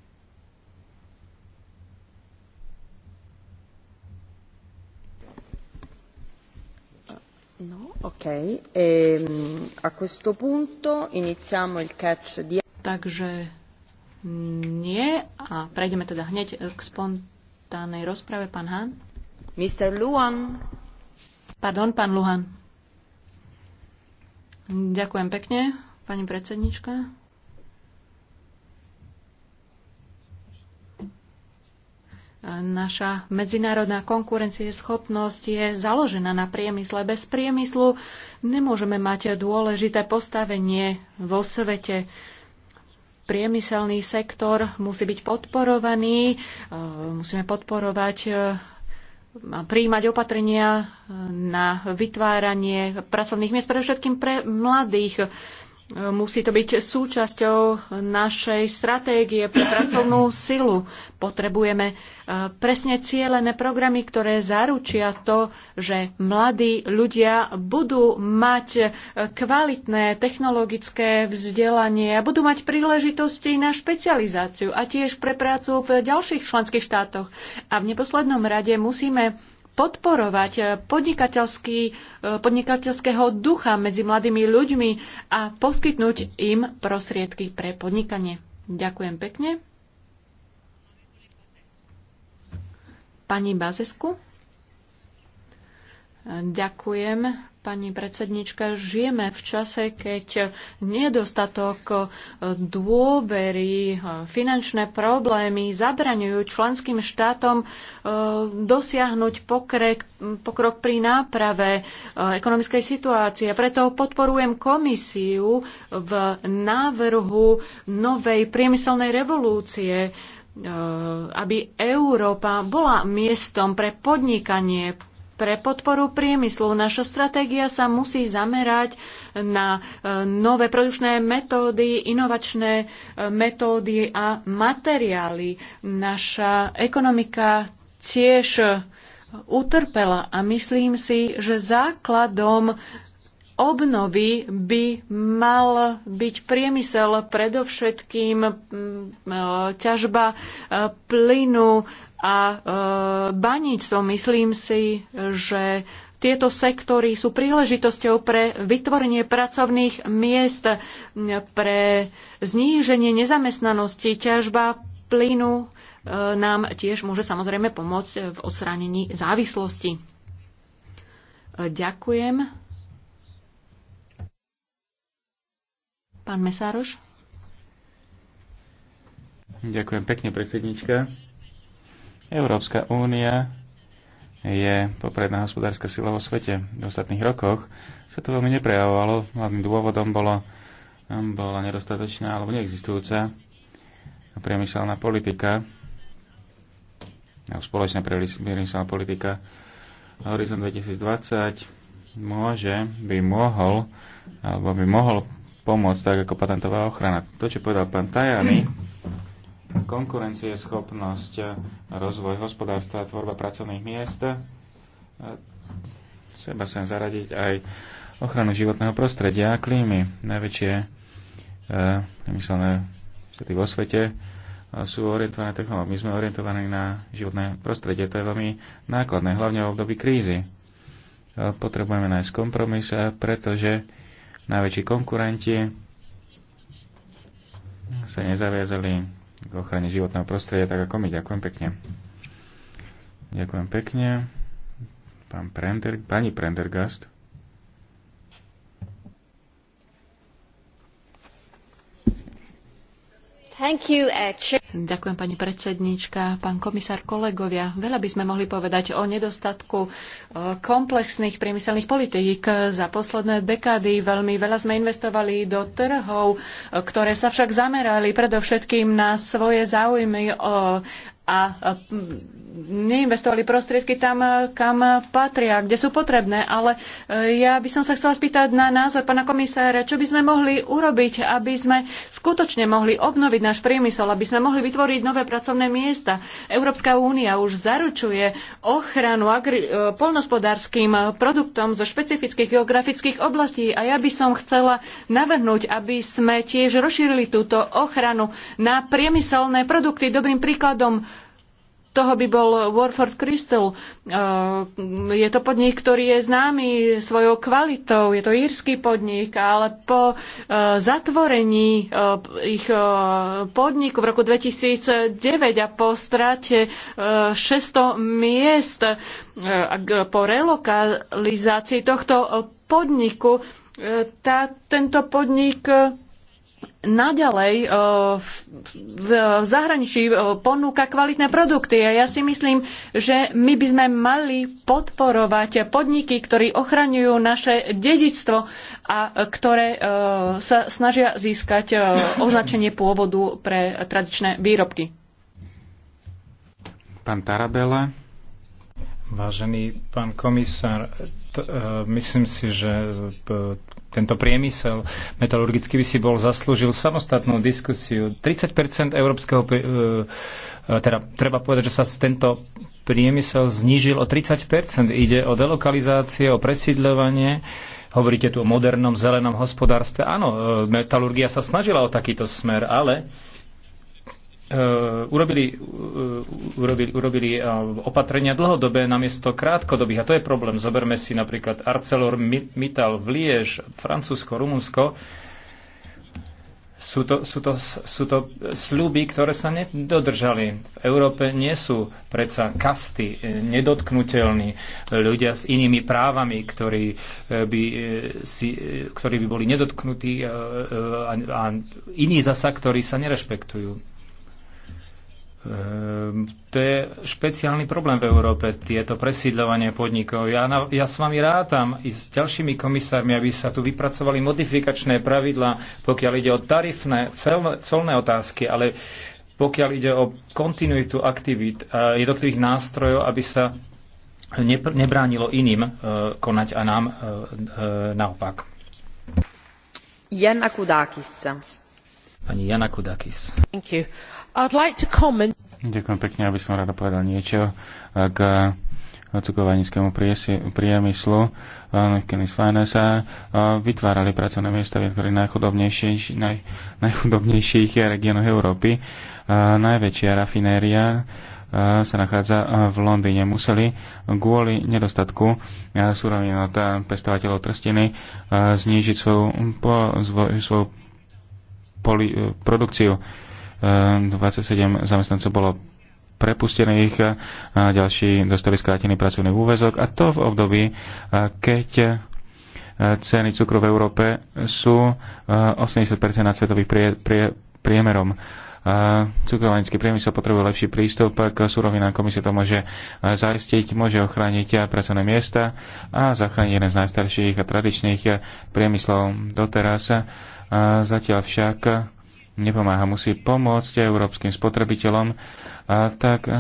No, okay. ehm, a questo punto iniziamo il catch di... Takže nie a prejdeme teda hneď k spontánnej rozprave. Pán Han. Mr. Luan. Pardon, pán Luhan. Ďakujem pekne, pani predsednička. Naša medzinárodná konkurencieschopnosť je založená na priemysle. Bez priemyslu nemôžeme mať dôležité postavenie vo svete. Priemyselný sektor musí byť podporovaný, e, musíme podporovať e, a príjmať opatrenia na vytváranie pracovných miest, predovšetkým pre mladých Musí to byť súčasťou našej stratégie pre pracovnú silu. Potrebujeme e, presne cielené programy, ktoré zaručia to, že mladí ľudia budú mať e, kvalitné technologické vzdelanie a budú mať príležitosti na špecializáciu a tiež pre prácu v ďalších členských štátoch. A v neposlednom rade musíme podporovať eh, eh, podnikateľského ducha medzi mladými ľuďmi a poskytnúť im prostriedky pre podnikanie. Ďakujem pekne. Pani Bazesku? Ďakujem, pani predsednička. Žijeme v čase, keď nedostatok dôvery, finančné problémy zabraňujú členským štátom e, dosiahnuť pokrek, pokrok pri náprave e, ekonomickej situácie. Preto podporujem komisiu v návrhu novej priemyselnej revolúcie, e, aby Európa bola miestom pre podnikanie, pre podporu priemyslu. Naša stratégia sa musí zamerať na e, nové produčné metódy, inovačné e, metódy a materiály. Naša ekonomika tiež utrpela a myslím si, že základom obnovy by mal byť priemysel, predovšetkým e, ťažba plynu, a e, som Myslím si, že tieto sektory sú príležitosťou pre vytvorenie pracovných miest, pre zníženie nezamestnanosti. Ťažba plynu e, nám tiež môže samozrejme pomôcť v odstránení závislosti. E, ďakujem. Pán Mesároš? Ďakujem pekne, predsednička. Európska únia je popredná hospodárska sila vo svete. V ostatných rokoch sa to veľmi neprejavovalo. Hlavným dôvodom bolo, bola nedostatočná alebo neexistujúca priemyselná politika, alebo spoločná priemyselná politika Horizon 2020 môže, by mohol, alebo by mohol pomôcť tak ako patentová ochrana. To, čo povedal pán Tajani, konkurencieschopnosť, eh, rozvoj hospodárstva, tvorba pracovných miest. Seba eh, sem zaradiť aj ochranu životného prostredia a klímy. Najväčšie nemyselné eh, vtedy vo svete sú orientované technológie. My sme orientovaní na životné prostredie. To je veľmi nákladné, hlavne v období krízy. Potrebujeme nájsť kompromis, pretože najväčší konkurenti sa nezaviazali k ochrane životného prostredia, tak ako my. Ďakujem pekne. Ďakujem pekne. Pán Prender, pani Prendergast. Eh, Ďakujem pani predsedníčka, pán komisár, kolegovia. Veľa by sme mohli povedať o nedostatku eh, komplexných priemyselných politík. Za posledné dekády veľmi veľa sme investovali do trhov, eh, ktoré sa však zamerali predovšetkým na svoje záujmy a neinvestovali prostriedky tam, e, kam patria, kde sú potrebné. Ale e, ja by som sa chcela spýtať na názor pána komisára, čo by sme mohli urobiť, aby sme skutočne mohli obnoviť náš priemysel, aby sme mohli vytvoriť nové pracovné miesta. Európska únia už zaručuje ochranu agri- e, polnospodárským produktom zo špecifických geografických oblastí a ja by som chcela navrhnúť, aby sme tiež rozšírili túto ochranu na priemyselné produkty. Dobrým príkladom toho by bol Warford Crystal. Uh, je to podnik, ktorý je známy svojou kvalitou, je to írsky podnik, ale po uh, zatvorení uh, ich podniku v roku 2009 a po strate 600 miest po relokalizácii tohto podniku, tá, tento podnik naďalej e, v zahraničí e, ponúka kvalitné produkty. A ja si myslím, že my by sme mali podporovať podniky, ktorí ochraňujú naše dedičstvo a ktoré e, sa snažia získať označenie pôvodu pre tradičné výrobky. Pán Tarabela. Vážený pán komisár, myslím si, že tento priemysel metalurgický by si bol zaslúžil samostatnú diskusiu. 30 európskeho, e, e, teda treba povedať, že sa tento priemysel znížil o 30 Ide o delokalizácie, o presídľovanie. Hovoríte tu o modernom zelenom hospodárstve. Áno, e, metalurgia sa snažila o takýto smer, ale E, e, urobili, urobili, urobili e, opatrenia dlhodobé namiesto krátkodobých. A to je problém. Zoberme si napríklad ArcelorMittal v Liež, Francúzsko, Rumunsko. Sú to, sú, to, sú to sľuby, ktoré sa nedodržali. V Európe nie sú predsa kasty, nedotknutelní ľudia s inými právami, ktorí by, si, ktorí by boli nedotknutí a, a iní zasa, ktorí sa nerešpektujú Ehm, to je špeciálny problém v Európe, tieto presídľovanie podnikov. Ja, ja s vami rátam i s ďalšími komisármi, aby sa tu vypracovali modifikačné pravidlá, pokiaľ ide o tarifné, celné, celné otázky, ale pokiaľ ide o kontinuitu aktivít a eh, jednotlivých nástrojov, aby sa nebránilo iným eh, konať a nám eh, naopak. Jana Kudakis. Pani Jana Kudakis. Thank you. I'd like to comment... Ďakujem pekne, aby som rada povedal niečo k cukrovarnickému priemyslu. Kenneth Finance vytvárali pracovné miesta v najchudobnejších, naj, najchudobnejších regiónoch Európy. Najväčšia rafinéria sa nachádza v Londýne. Museli kvôli nedostatku súrovín od pestovateľov trstiny znížiť svoju, svoju poli, produkciu 27 zamestnancov bolo prepustených, a ďalší dostali skrátený pracovný úvezok a to v období, keď ceny cukru v Európe sú 80% nad svetových prie, prie, priemerom. Cukrovanický priemysel potrebuje lepší prístup k surovinám. Komisia to môže zaistiť, môže ochrániť pracovné miesta a zachrániť jeden z najstarších a tradičných priemyslov doteraz. Zatiaľ však nepomáha, musí pomôcť európskym spotrebiteľom, a tak eh,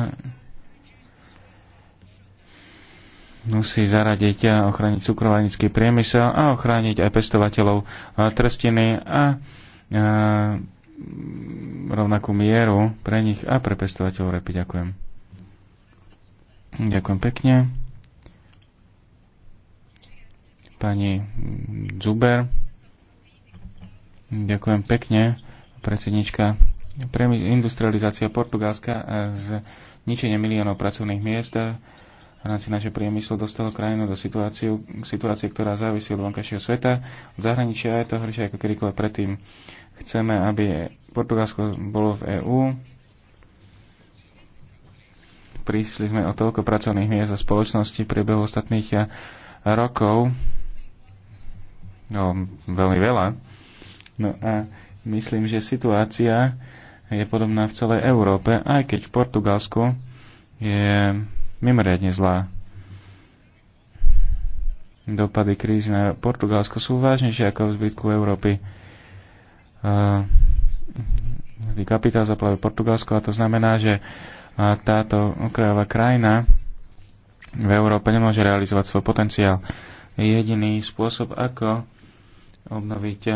musí zaradiť a ochrániť cukrovarnický priemysel a ochrániť aj pestovateľov eh, trstiny a, a eh, rovnakú mieru pre nich a pre pestovateľov repy. Ďakujem. Ďakujem pekne. Pani Zuber. Ďakujem pekne predsednička. Pre industrializácia Portugalska e, z ničenia miliónov pracovných miest e, v rámci naše priemyslu dostalo krajinu do situáciu, situácie, ktorá závisí od vonkajšieho sveta, od zahraničia, je to horšie ako kedykoľvek predtým. Chceme, aby Portugalsko bolo v EÚ, prišli sme o toľko pracovných miest a spoločnosti v priebehu ostatných e, rokov, no, veľmi veľa. No a Myslím, že situácia je podobná v celej Európe, aj keď v Portugalsku je mimoriadne zlá. Dopady krízy na Portugalsku sú vážnejšie ako v zbytku Európy. Uh, zlý kapitál zaplavil Portugalsko a to znamená, že uh, táto okrajová krajina v Európe nemôže realizovať svoj potenciál. Jediný spôsob, ako obnoviť uh,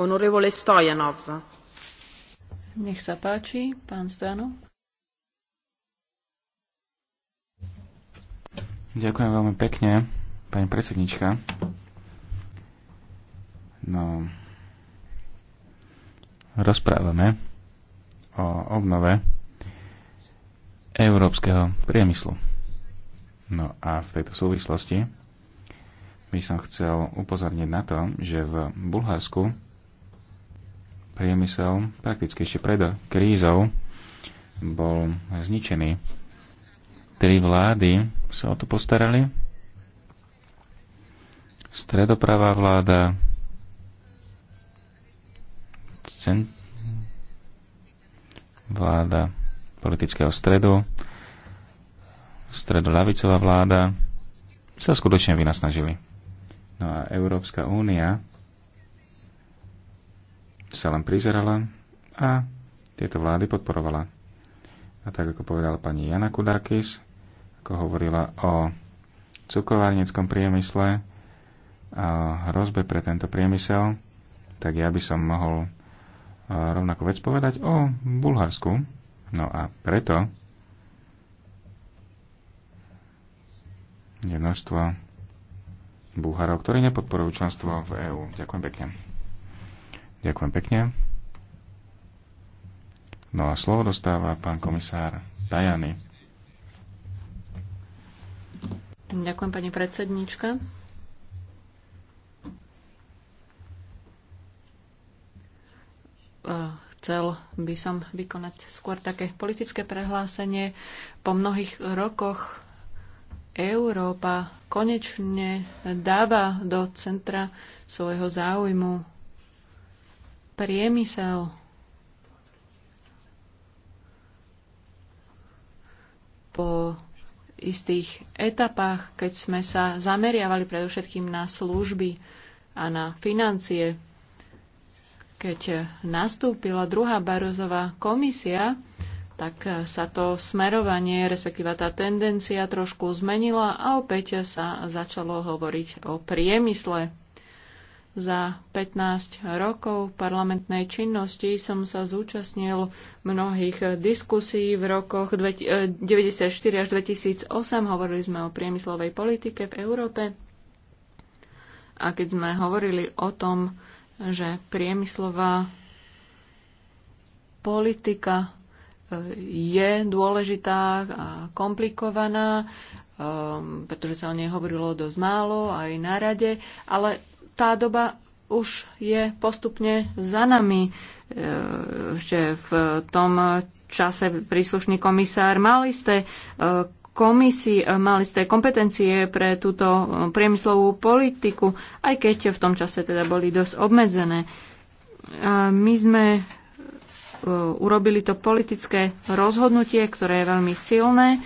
Stojanov. Nech sa páči, pán Stojanov. Ďakujem veľmi pekne, pani predsednička. No, rozprávame o obnove európskeho priemyslu. No a v tejto súvislosti by som chcel upozorniť na to, že v Bulharsku priemysel prakticky ešte pred krízou bol zničený. Tri vlády sa o to postarali. Stredopravá vláda, vláda politického stredu, stredolavicová vláda sa skutočne vynasnažili. No a Európska únia sa len prizerala a tieto vlády podporovala. A tak ako povedala pani Jana Kudákis, ako hovorila o cukrovárnickom priemysle a hrozbe pre tento priemysel, tak ja by som mohol e, rovnako vec povedať o Bulharsku. No a preto je množstvo Bulharov, ktorí nepodporujú členstvo v EÚ. Ďakujem pekne. Ďakujem pekne. No a slovo dostáva pán komisár Tajany. Ďakujem pani predsednička. E, chcel by som vykonať skôr také politické prehlásenie. Po mnohých rokoch Európa konečne dáva do centra svojho záujmu priemysel po istých etapách, keď sme sa zameriavali predovšetkým na služby a na financie. Keď nastúpila druhá Barozová komisia, tak sa to smerovanie, respektíva tá tendencia trošku zmenila a opäť sa začalo hovoriť o priemysle. Za 15 rokov parlamentnej činnosti som sa zúčastnil mnohých diskusí v rokoch 1994 eh, až 2008. Hovorili sme o priemyslovej politike v Európe. A keď sme hovorili o tom, že priemyslová politika eh, je dôležitá a komplikovaná, eh, pretože sa o nej hovorilo dosť málo aj na rade, ale tá doba už je postupne za nami. že v tom čase príslušný komisár mal isté e, komisii, e, mali ste kompetencie pre túto priemyslovú politiku, aj keď v tom čase teda boli dosť obmedzené. E, my sme urobili to politické rozhodnutie, ktoré je veľmi silné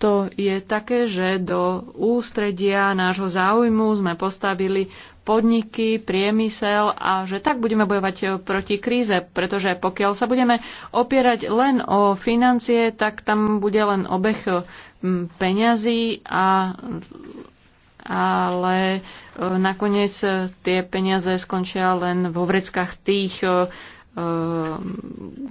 to je také, že do ústredia nášho záujmu sme postavili podniky, priemysel a že tak budeme bojovať proti kríze, pretože pokiaľ sa budeme opierať len o financie, tak tam bude len obeh peňazí a ale e, nakoniec tie peniaze skončia len vo vreckách tých e, Eh,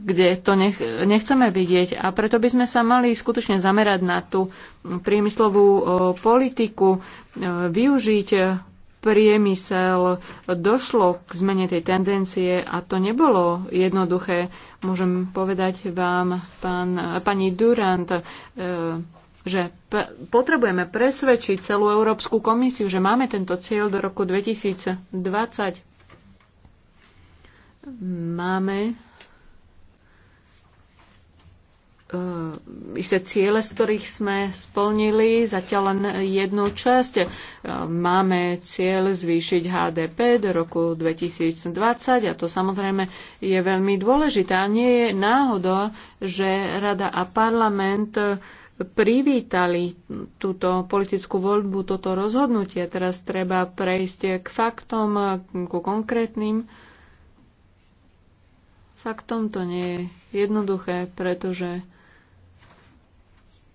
kde to nech, nechceme vidieť. A preto by sme sa mali skutočne zamerať na tú priemyslovú eh, politiku, eh, využiť priemysel. Došlo k zmene tej tendencie a to nebolo jednoduché. Môžem povedať vám, pán, pani Durant, že potrebujeme presvedčiť celú Európsku komisiu, že máme tento cieľ do roku 2020 máme eh, isté ciele, z ktorých sme splnili zatiaľ len jednu časť. Eh, máme cieľ zvýšiť HDP do roku 2020 a to samozrejme je veľmi dôležité. A nie je náhoda, že Rada a parlament eh, privítali túto politickú voľbu, toto rozhodnutie. Teraz treba prejsť k faktom, ku konkrétnym Faktom to nie je jednoduché, pretože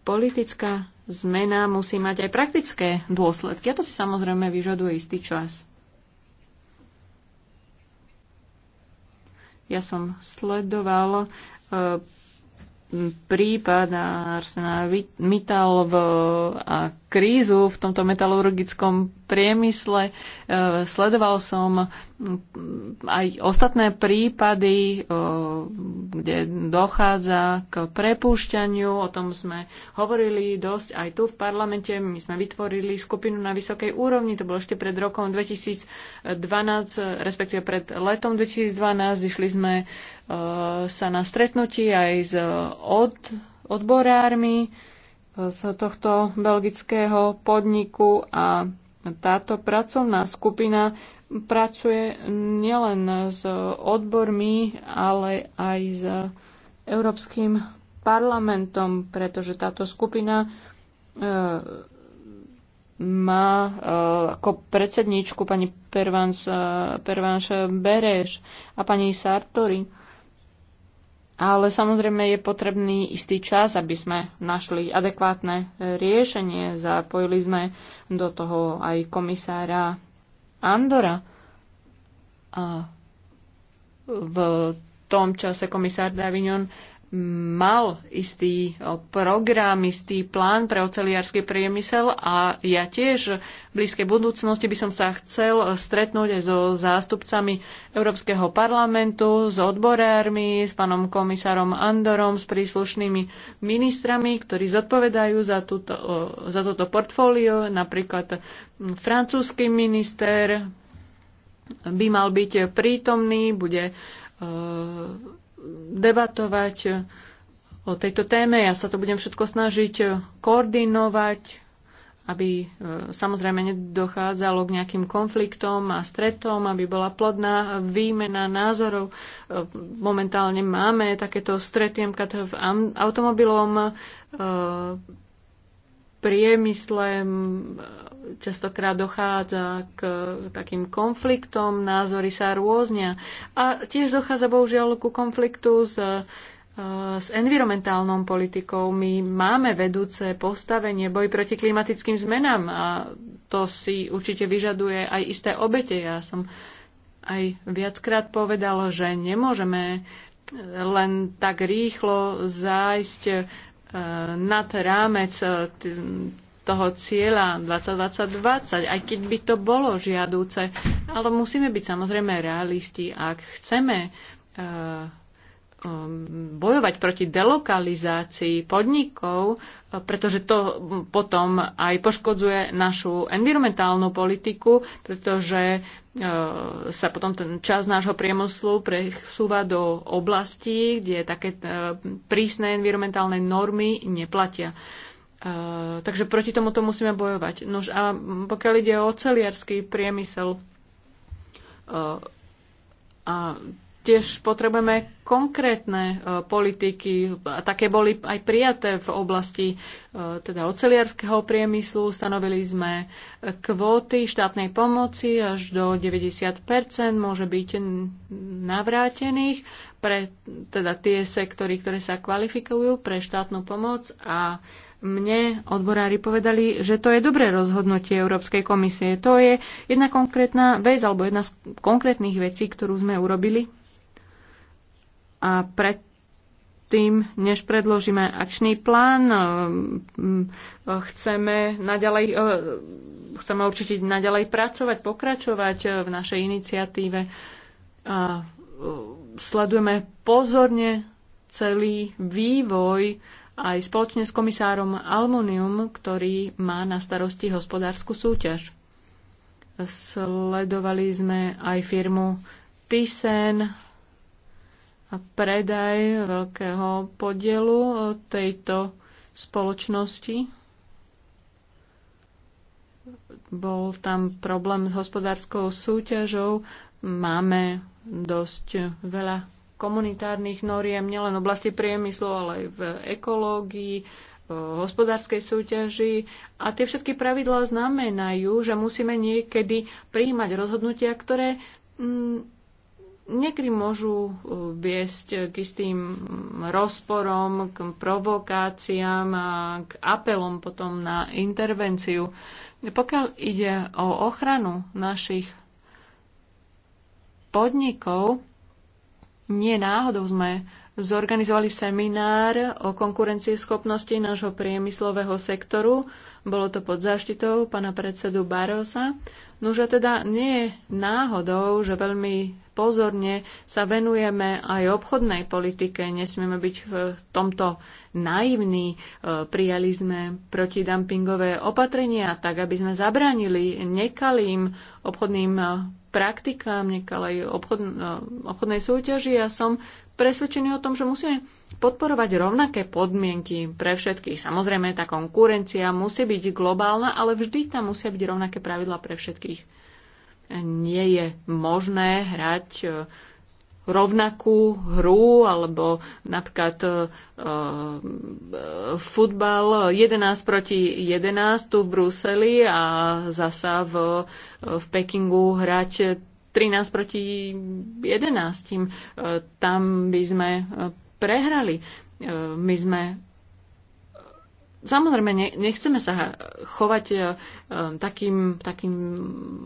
politická zmena musí mať aj praktické dôsledky. A to si samozrejme vyžaduje istý čas. Ja som sledoval e, prípad Arsena Mittal v, a krízu v tomto metalurgickom priemysle. E, sledoval som aj ostatné prípady, kde dochádza k prepúšťaniu, o tom sme hovorili dosť aj tu v parlamente. My sme vytvorili skupinu na vysokej úrovni, to bolo ešte pred rokom 2012, respektíve pred letom 2012. Išli sme sa na stretnutí aj s od, odborármi z tohto belgického podniku a táto pracovná skupina pracuje nielen s odbormi, ale aj s Európskym parlamentom, pretože táto skupina e, má e, ako predsedníčku pani Pervans, e, Pervans Bereš a pani Sartori. Ale samozrejme je potrebný istý čas, aby sme našli adekvátne riešenie. Zapojili sme do toho aj komisára Andora. A v tom čase komisár Davignon mal istý program, istý plán pre oceliársky priemysel a ja tiež v blízkej budúcnosti by som sa chcel stretnúť aj so zástupcami Európskeho parlamentu, s odborármi, s pánom komisárom Andorom, s príslušnými ministrami, ktorí zodpovedajú za, túto, za toto portfólio, napríklad francúzsky minister by mal byť prítomný, bude debatovať o tejto téme. Ja sa to budem všetko snažiť koordinovať, aby e, samozrejme nedochádzalo k nejakým konfliktom a stretom, aby bola plodná výmena názorov. E, momentálne máme takéto strety MKT v automobilom e, priemysle častokrát dochádza k takým konfliktom, názory sa rôznia. A tiež dochádza bohužiaľ ku konfliktu s, e, s environmentálnou politikou. My máme vedúce postavenie boj proti klimatickým zmenám a to si určite vyžaduje aj isté obete. Ja som aj viackrát povedal, že nemôžeme e, len tak rýchlo zájsť e, nad rámec toho cieľa 2020, aj keď by to bolo žiadúce. Ale musíme byť samozrejme realisti. Ak chceme eh, um, bojovať proti delokalizácii podnikov, eh, pretože to hm, potom aj poškodzuje našu environmentálnu politiku, pretože eh, sa potom ten čas nášho priemyslu presúva do oblastí, kde také prísne environmentálne normy neplatia. Eh, takže proti tomu to musíme bojovať. Nož a pokiaľ ide o oceliarský priemysel, eh, a tiež potrebujeme konkrétne eh, politiky, a také boli aj prijaté v oblasti teda oceliarského priemyslu. Stanovili sme kvóty štátnej pomoci až do 90 môže byť navrátených pre teda tie sektory, ktoré sa kvalifikujú pre štátnu pomoc a mne odborári povedali, že to je dobré rozhodnutie Európskej komisie. To je jedna konkrétna vec alebo jedna z konkrétnych vecí, ktorú sme urobili. A predtým, než predložíme akčný plán, um, um, chceme, naďalej, uh, chceme určite naďalej pracovať, pokračovať uh, v našej iniciatíve. A uh, sledujeme pozorne celý vývoj aj spoločne s komisárom Almunium, ktorý má na starosti hospodárskú súťaž. Sledovali sme aj firmu Thyssen a predaj veľkého podielu tejto spoločnosti. Bol tam problém s hospodárskou súťažou. Máme dosť veľa komunitárnych noriem nielen v oblasti priemyslu, ale aj v ekológii, v hospodárskej súťaži. A tie všetky pravidlá znamenajú, že musíme niekedy prijímať rozhodnutia, ktoré mm, niekedy môžu e, viesť k istým rozporom, k provokáciám a k apelom potom na intervenciu. Pokiaľ ide o ochranu našich podnikov, nie náhodou sme zorganizovali seminár o konkurencieschopnosti nášho priemyslového sektoru. Bolo to pod záštitou pana predsedu Barosa. Nože teda nie je náhodou, že veľmi pozorne sa venujeme aj obchodnej politike. Nesmieme byť v tomto naivní. E, prijali sme protidumpingové opatrenia, tak aby sme zabránili nekalým obchodným praktikám, nekalej obchod, no, obchodnej súťaži. Ja som presvedčený o tom, že musíme podporovať rovnaké podmienky pre všetkých. Samozrejme, tá konkurencia musí byť globálna, ale vždy tam musia byť rovnaké pravidla pre všetkých. Nie je možné hrať e, rovnakú hru alebo napríklad e, e futbal 11 proti 11 tu v Bruseli a zasa v e, v Pekingu hrať 13 proti 11. E, tam by sme e, prehrali. E, my sme Samozrejme, nechceme sa chovať takým, takým,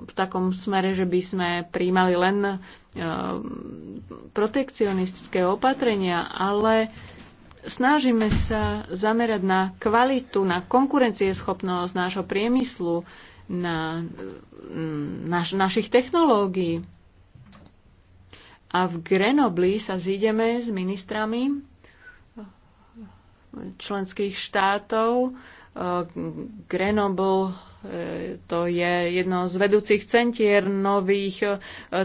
v takom smere, že by sme príjmali len protekcionistické opatrenia, ale snažíme sa zamerať na kvalitu, na konkurencieschopnosť nášho priemyslu, na, mm, naš, našich technológií. A v Grenobli sa zídeme s ministrami členských štátov. Grenoble e, to je jedno z vedúcich centier nových e,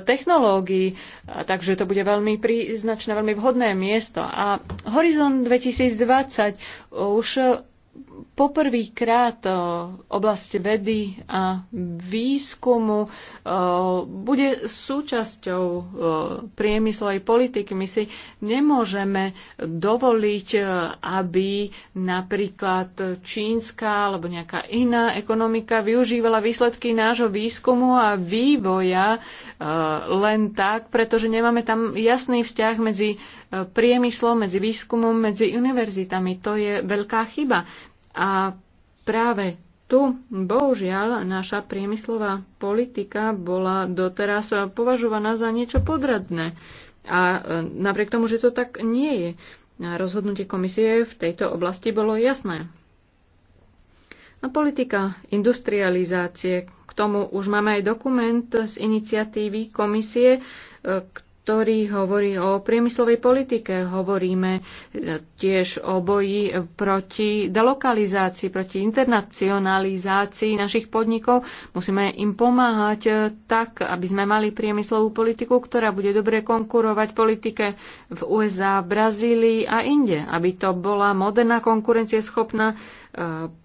technológií, takže to bude veľmi príznačné, veľmi vhodné miesto. A Horizon 2020 už poprvýkrát v e, oblasti vedy a výskumu e, bude súčasťou e, priemyslovej politiky. My si nemôžeme dovoliť, aby napríklad čínska alebo nejaká iná ekonomika využívala výsledky nášho výskumu a vývoja len tak, pretože nemáme tam jasný vzťah medzi priemyslom, medzi výskumom, medzi univerzitami. To je veľká chyba. A práve tu, bohužiaľ, naša priemyslová politika bola doteraz považovaná za niečo podradné. A e, napriek tomu, že to tak nie je, rozhodnutie komisie v tejto oblasti bolo jasné. A politika industrializácie, k tomu už máme aj dokument z iniciatívy komisie, e, ktorý hovorí o priemyslovej politike. Hovoríme e, tiež o boji proti delokalizácii, proti internacionalizácii našich podnikov. Musíme im pomáhať e, tak, aby sme mali priemyslovú politiku, ktorá bude dobre konkurovať politike v USA, Brazílii a inde, aby to bola moderná konkurencieschopná e,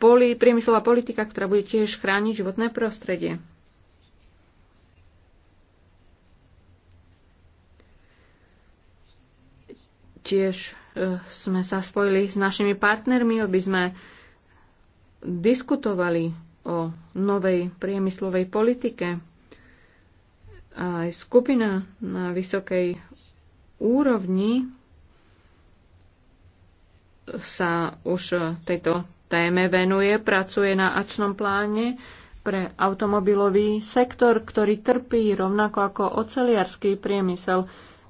poli, priemyslová politika, ktorá bude tiež chrániť životné prostredie. tiež e, sme sa spojili s našimi partnermi, aby sme diskutovali o novej priemyslovej politike. Aj skupina na vysokej úrovni sa už tejto téme venuje, pracuje na akčnom pláne pre automobilový sektor, ktorý trpí rovnako ako oceliarský priemysel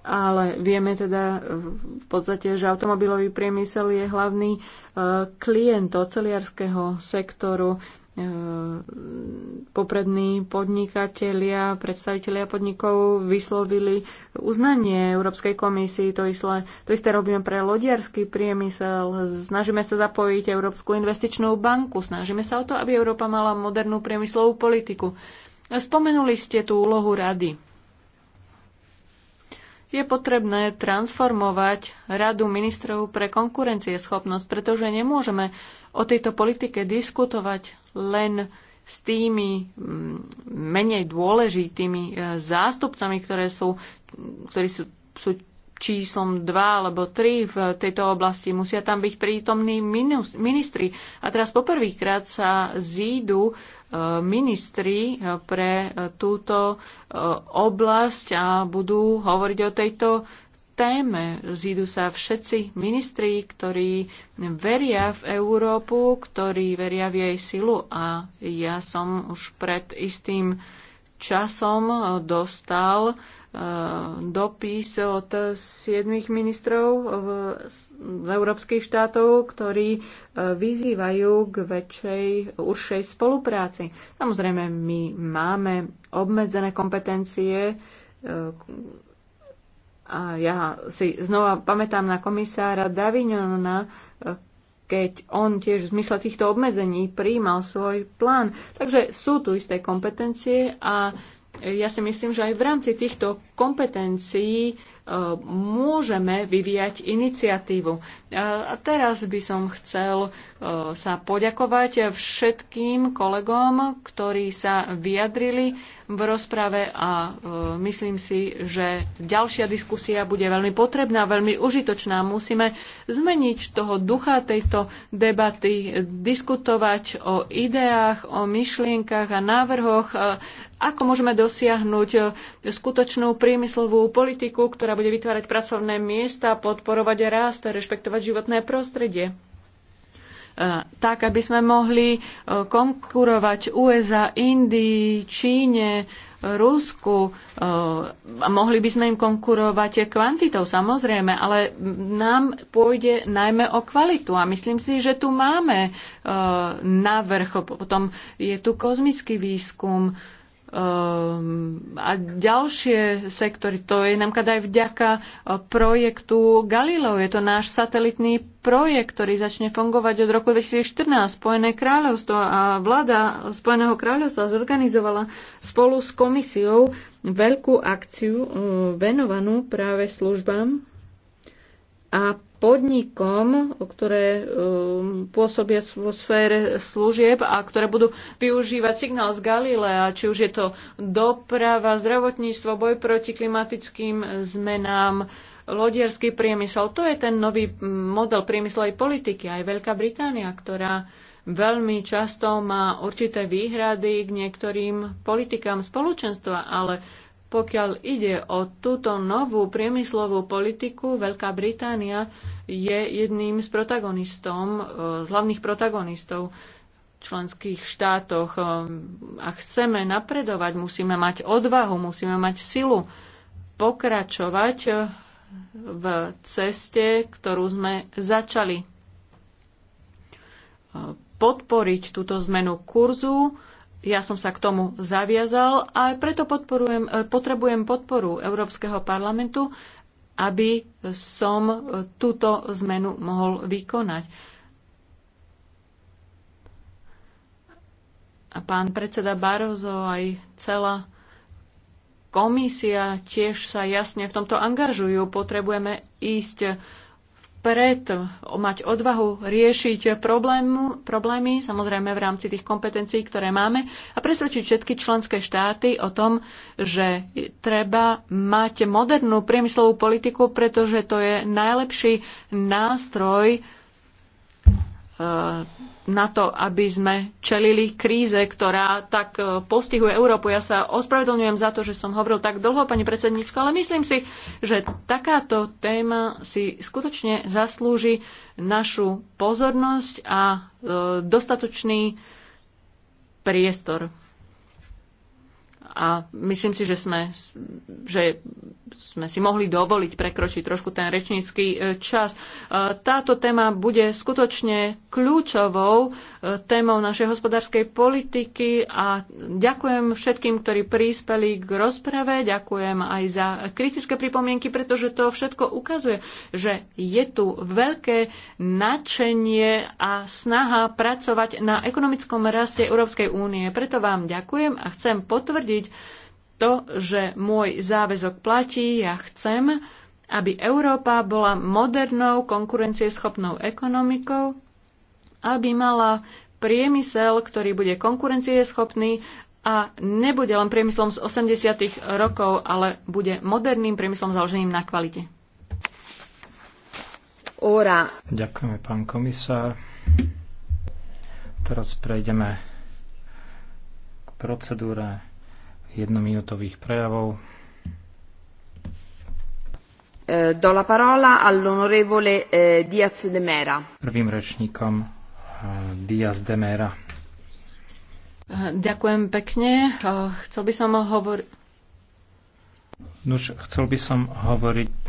ale vieme teda v podstate, že automobilový priemysel je hlavný e, klient oceliarského sektoru. E, poprední podnikatelia, predstavitelia podnikov vyslovili uznanie Európskej komisii. To isté, to isté robíme pre lodiarský priemysel. Snažíme sa zapojiť Európsku investičnú banku. Snažíme sa o to, aby Európa mala modernú priemyslovú politiku. Spomenuli ste tú úlohu rady je potrebné transformovať Radu ministrov pre konkurencieschopnosť, pretože nemôžeme o tejto politike diskutovať len s tými mm, menej dôležitými e, zástupcami, ktoré sú, ktorí sú, sú číslom 2 alebo 3 v tejto oblasti. Musia tam byť prítomní ministri. A teraz poprvýkrát sa zídu ministri eh, pre eh, túto eh, oblasť a budú hovoriť o tejto téme. Zídu sa všetci ministri, ktorí veria v Európu, ktorí veria v jej silu. A ja som už pred istým časom dostal Eh, dopis od siedmých ministrov z európskych štátov, ktorí eh, vyzývajú k väčšej, užšej spolupráci. Samozrejme, my máme obmedzené kompetencie eh, a ja si znova pamätám na komisára Davignona, keď on tiež v zmysle týchto obmedzení príjmal svoj plán. Takže sú tu isté kompetencie a ja si myslím, že aj v rámci týchto kompetencií môžeme vyvíjať iniciatívu. A teraz by som chcel e, sa poďakovať všetkým kolegom, ktorí sa vyjadrili v rozprave a e, myslím si, že ďalšia diskusia bude veľmi potrebná, veľmi užitočná. Musíme zmeniť toho ducha tejto debaty, diskutovať o ideách, o myšlienkach a návrhoch, e, ako môžeme dosiahnuť skutočnú priemyslovú politiku, ktorá bude vytvárať pracovné miesta, podporovať rast, a rešpektovať životné prostredie e, tak, aby sme mohli e, konkurovať USA, Indii, Číne, Rusku e, a mohli by sme im konkurovať kvantitou samozrejme, ale nám pôjde najmä o kvalitu a myslím si, že tu máme navrch. potom je tu kozmický výskum, Ehm, a ďalšie sektory, to je napríklad aj vďaka e, projektu Galileo. Je to náš satelitný projekt, ktorý začne fungovať od roku 2014. Spojené kráľovstvo a vláda Spojeného kráľovstva zorganizovala spolu s komisiou veľkú akciu e, venovanú práve službám a podnikom, ktoré um, pôsobia vo sfére služieb a ktoré budú využívať signál z Galilea, či už je to doprava, zdravotníctvo, boj proti klimatickým zmenám, lodierský priemysel. To je ten nový model priemyslovej politiky. Aj Veľká Británia, ktorá veľmi často má určité výhrady k niektorým politikám spoločenstva, ale pokiaľ ide o túto novú priemyslovú politiku, Veľká Británia je jedným z protagonistom, e, z hlavných protagonistov členských štátoch. E, a chceme napredovať, musíme mať odvahu, musíme mať silu pokračovať e, v ceste, ktorú sme začali. Podporiť túto zmenu kurzu, ja som sa k tomu zaviazal a preto e, potrebujem podporu Európskeho parlamentu, aby som e, túto zmenu mohol vykonať. A pán predseda Barozo aj celá komisia tiež sa jasne v tomto angažujú. Potrebujeme ísť preto mať odvahu riešiť problém, problémy, samozrejme v rámci tých kompetencií, ktoré máme, a presvedčiť všetky členské štáty o tom, že treba mať modernú priemyslovú politiku, pretože to je najlepší nástroj E, na to, aby sme čelili kríze, ktorá tak e, postihuje Európu. Ja sa ospravedlňujem za to, že som hovoril tak dlho, pani predsedničko, ale myslím si, že takáto téma si skutočne zaslúži našu pozornosť a e, dostatočný priestor a myslím si, že sme, že sme si mohli dovoliť prekročiť trošku ten rečnícky e, čas. E, táto téma bude skutočne kľúčovou témou našej hospodárskej politiky a ďakujem všetkým, ktorí prispeli k rozprave, ďakujem aj za kritické pripomienky, pretože to všetko ukazuje, že je tu veľké nadšenie a snaha pracovať na ekonomickom raste Európskej únie. Preto vám ďakujem a chcem potvrdiť to, že môj záväzok platí, ja chcem, aby Európa bola modernou, konkurencieschopnou ekonomikou, aby mala priemysel, ktorý bude konkurencieschopný a nebude len priemyslom z 80. rokov, ale bude moderným priemyslom založeným na kvalite. Ora. Ďakujeme, pán komisár. Teraz prejdeme k procedúre jednominútových prejavov. Eh, do la parola all'onorevole eh, Diaz de Mera. Prvým rečníkom Diaz de Mera. Ďakujem pekne. Chcel by som hovoriť... Nuž, chcel by som hovoriť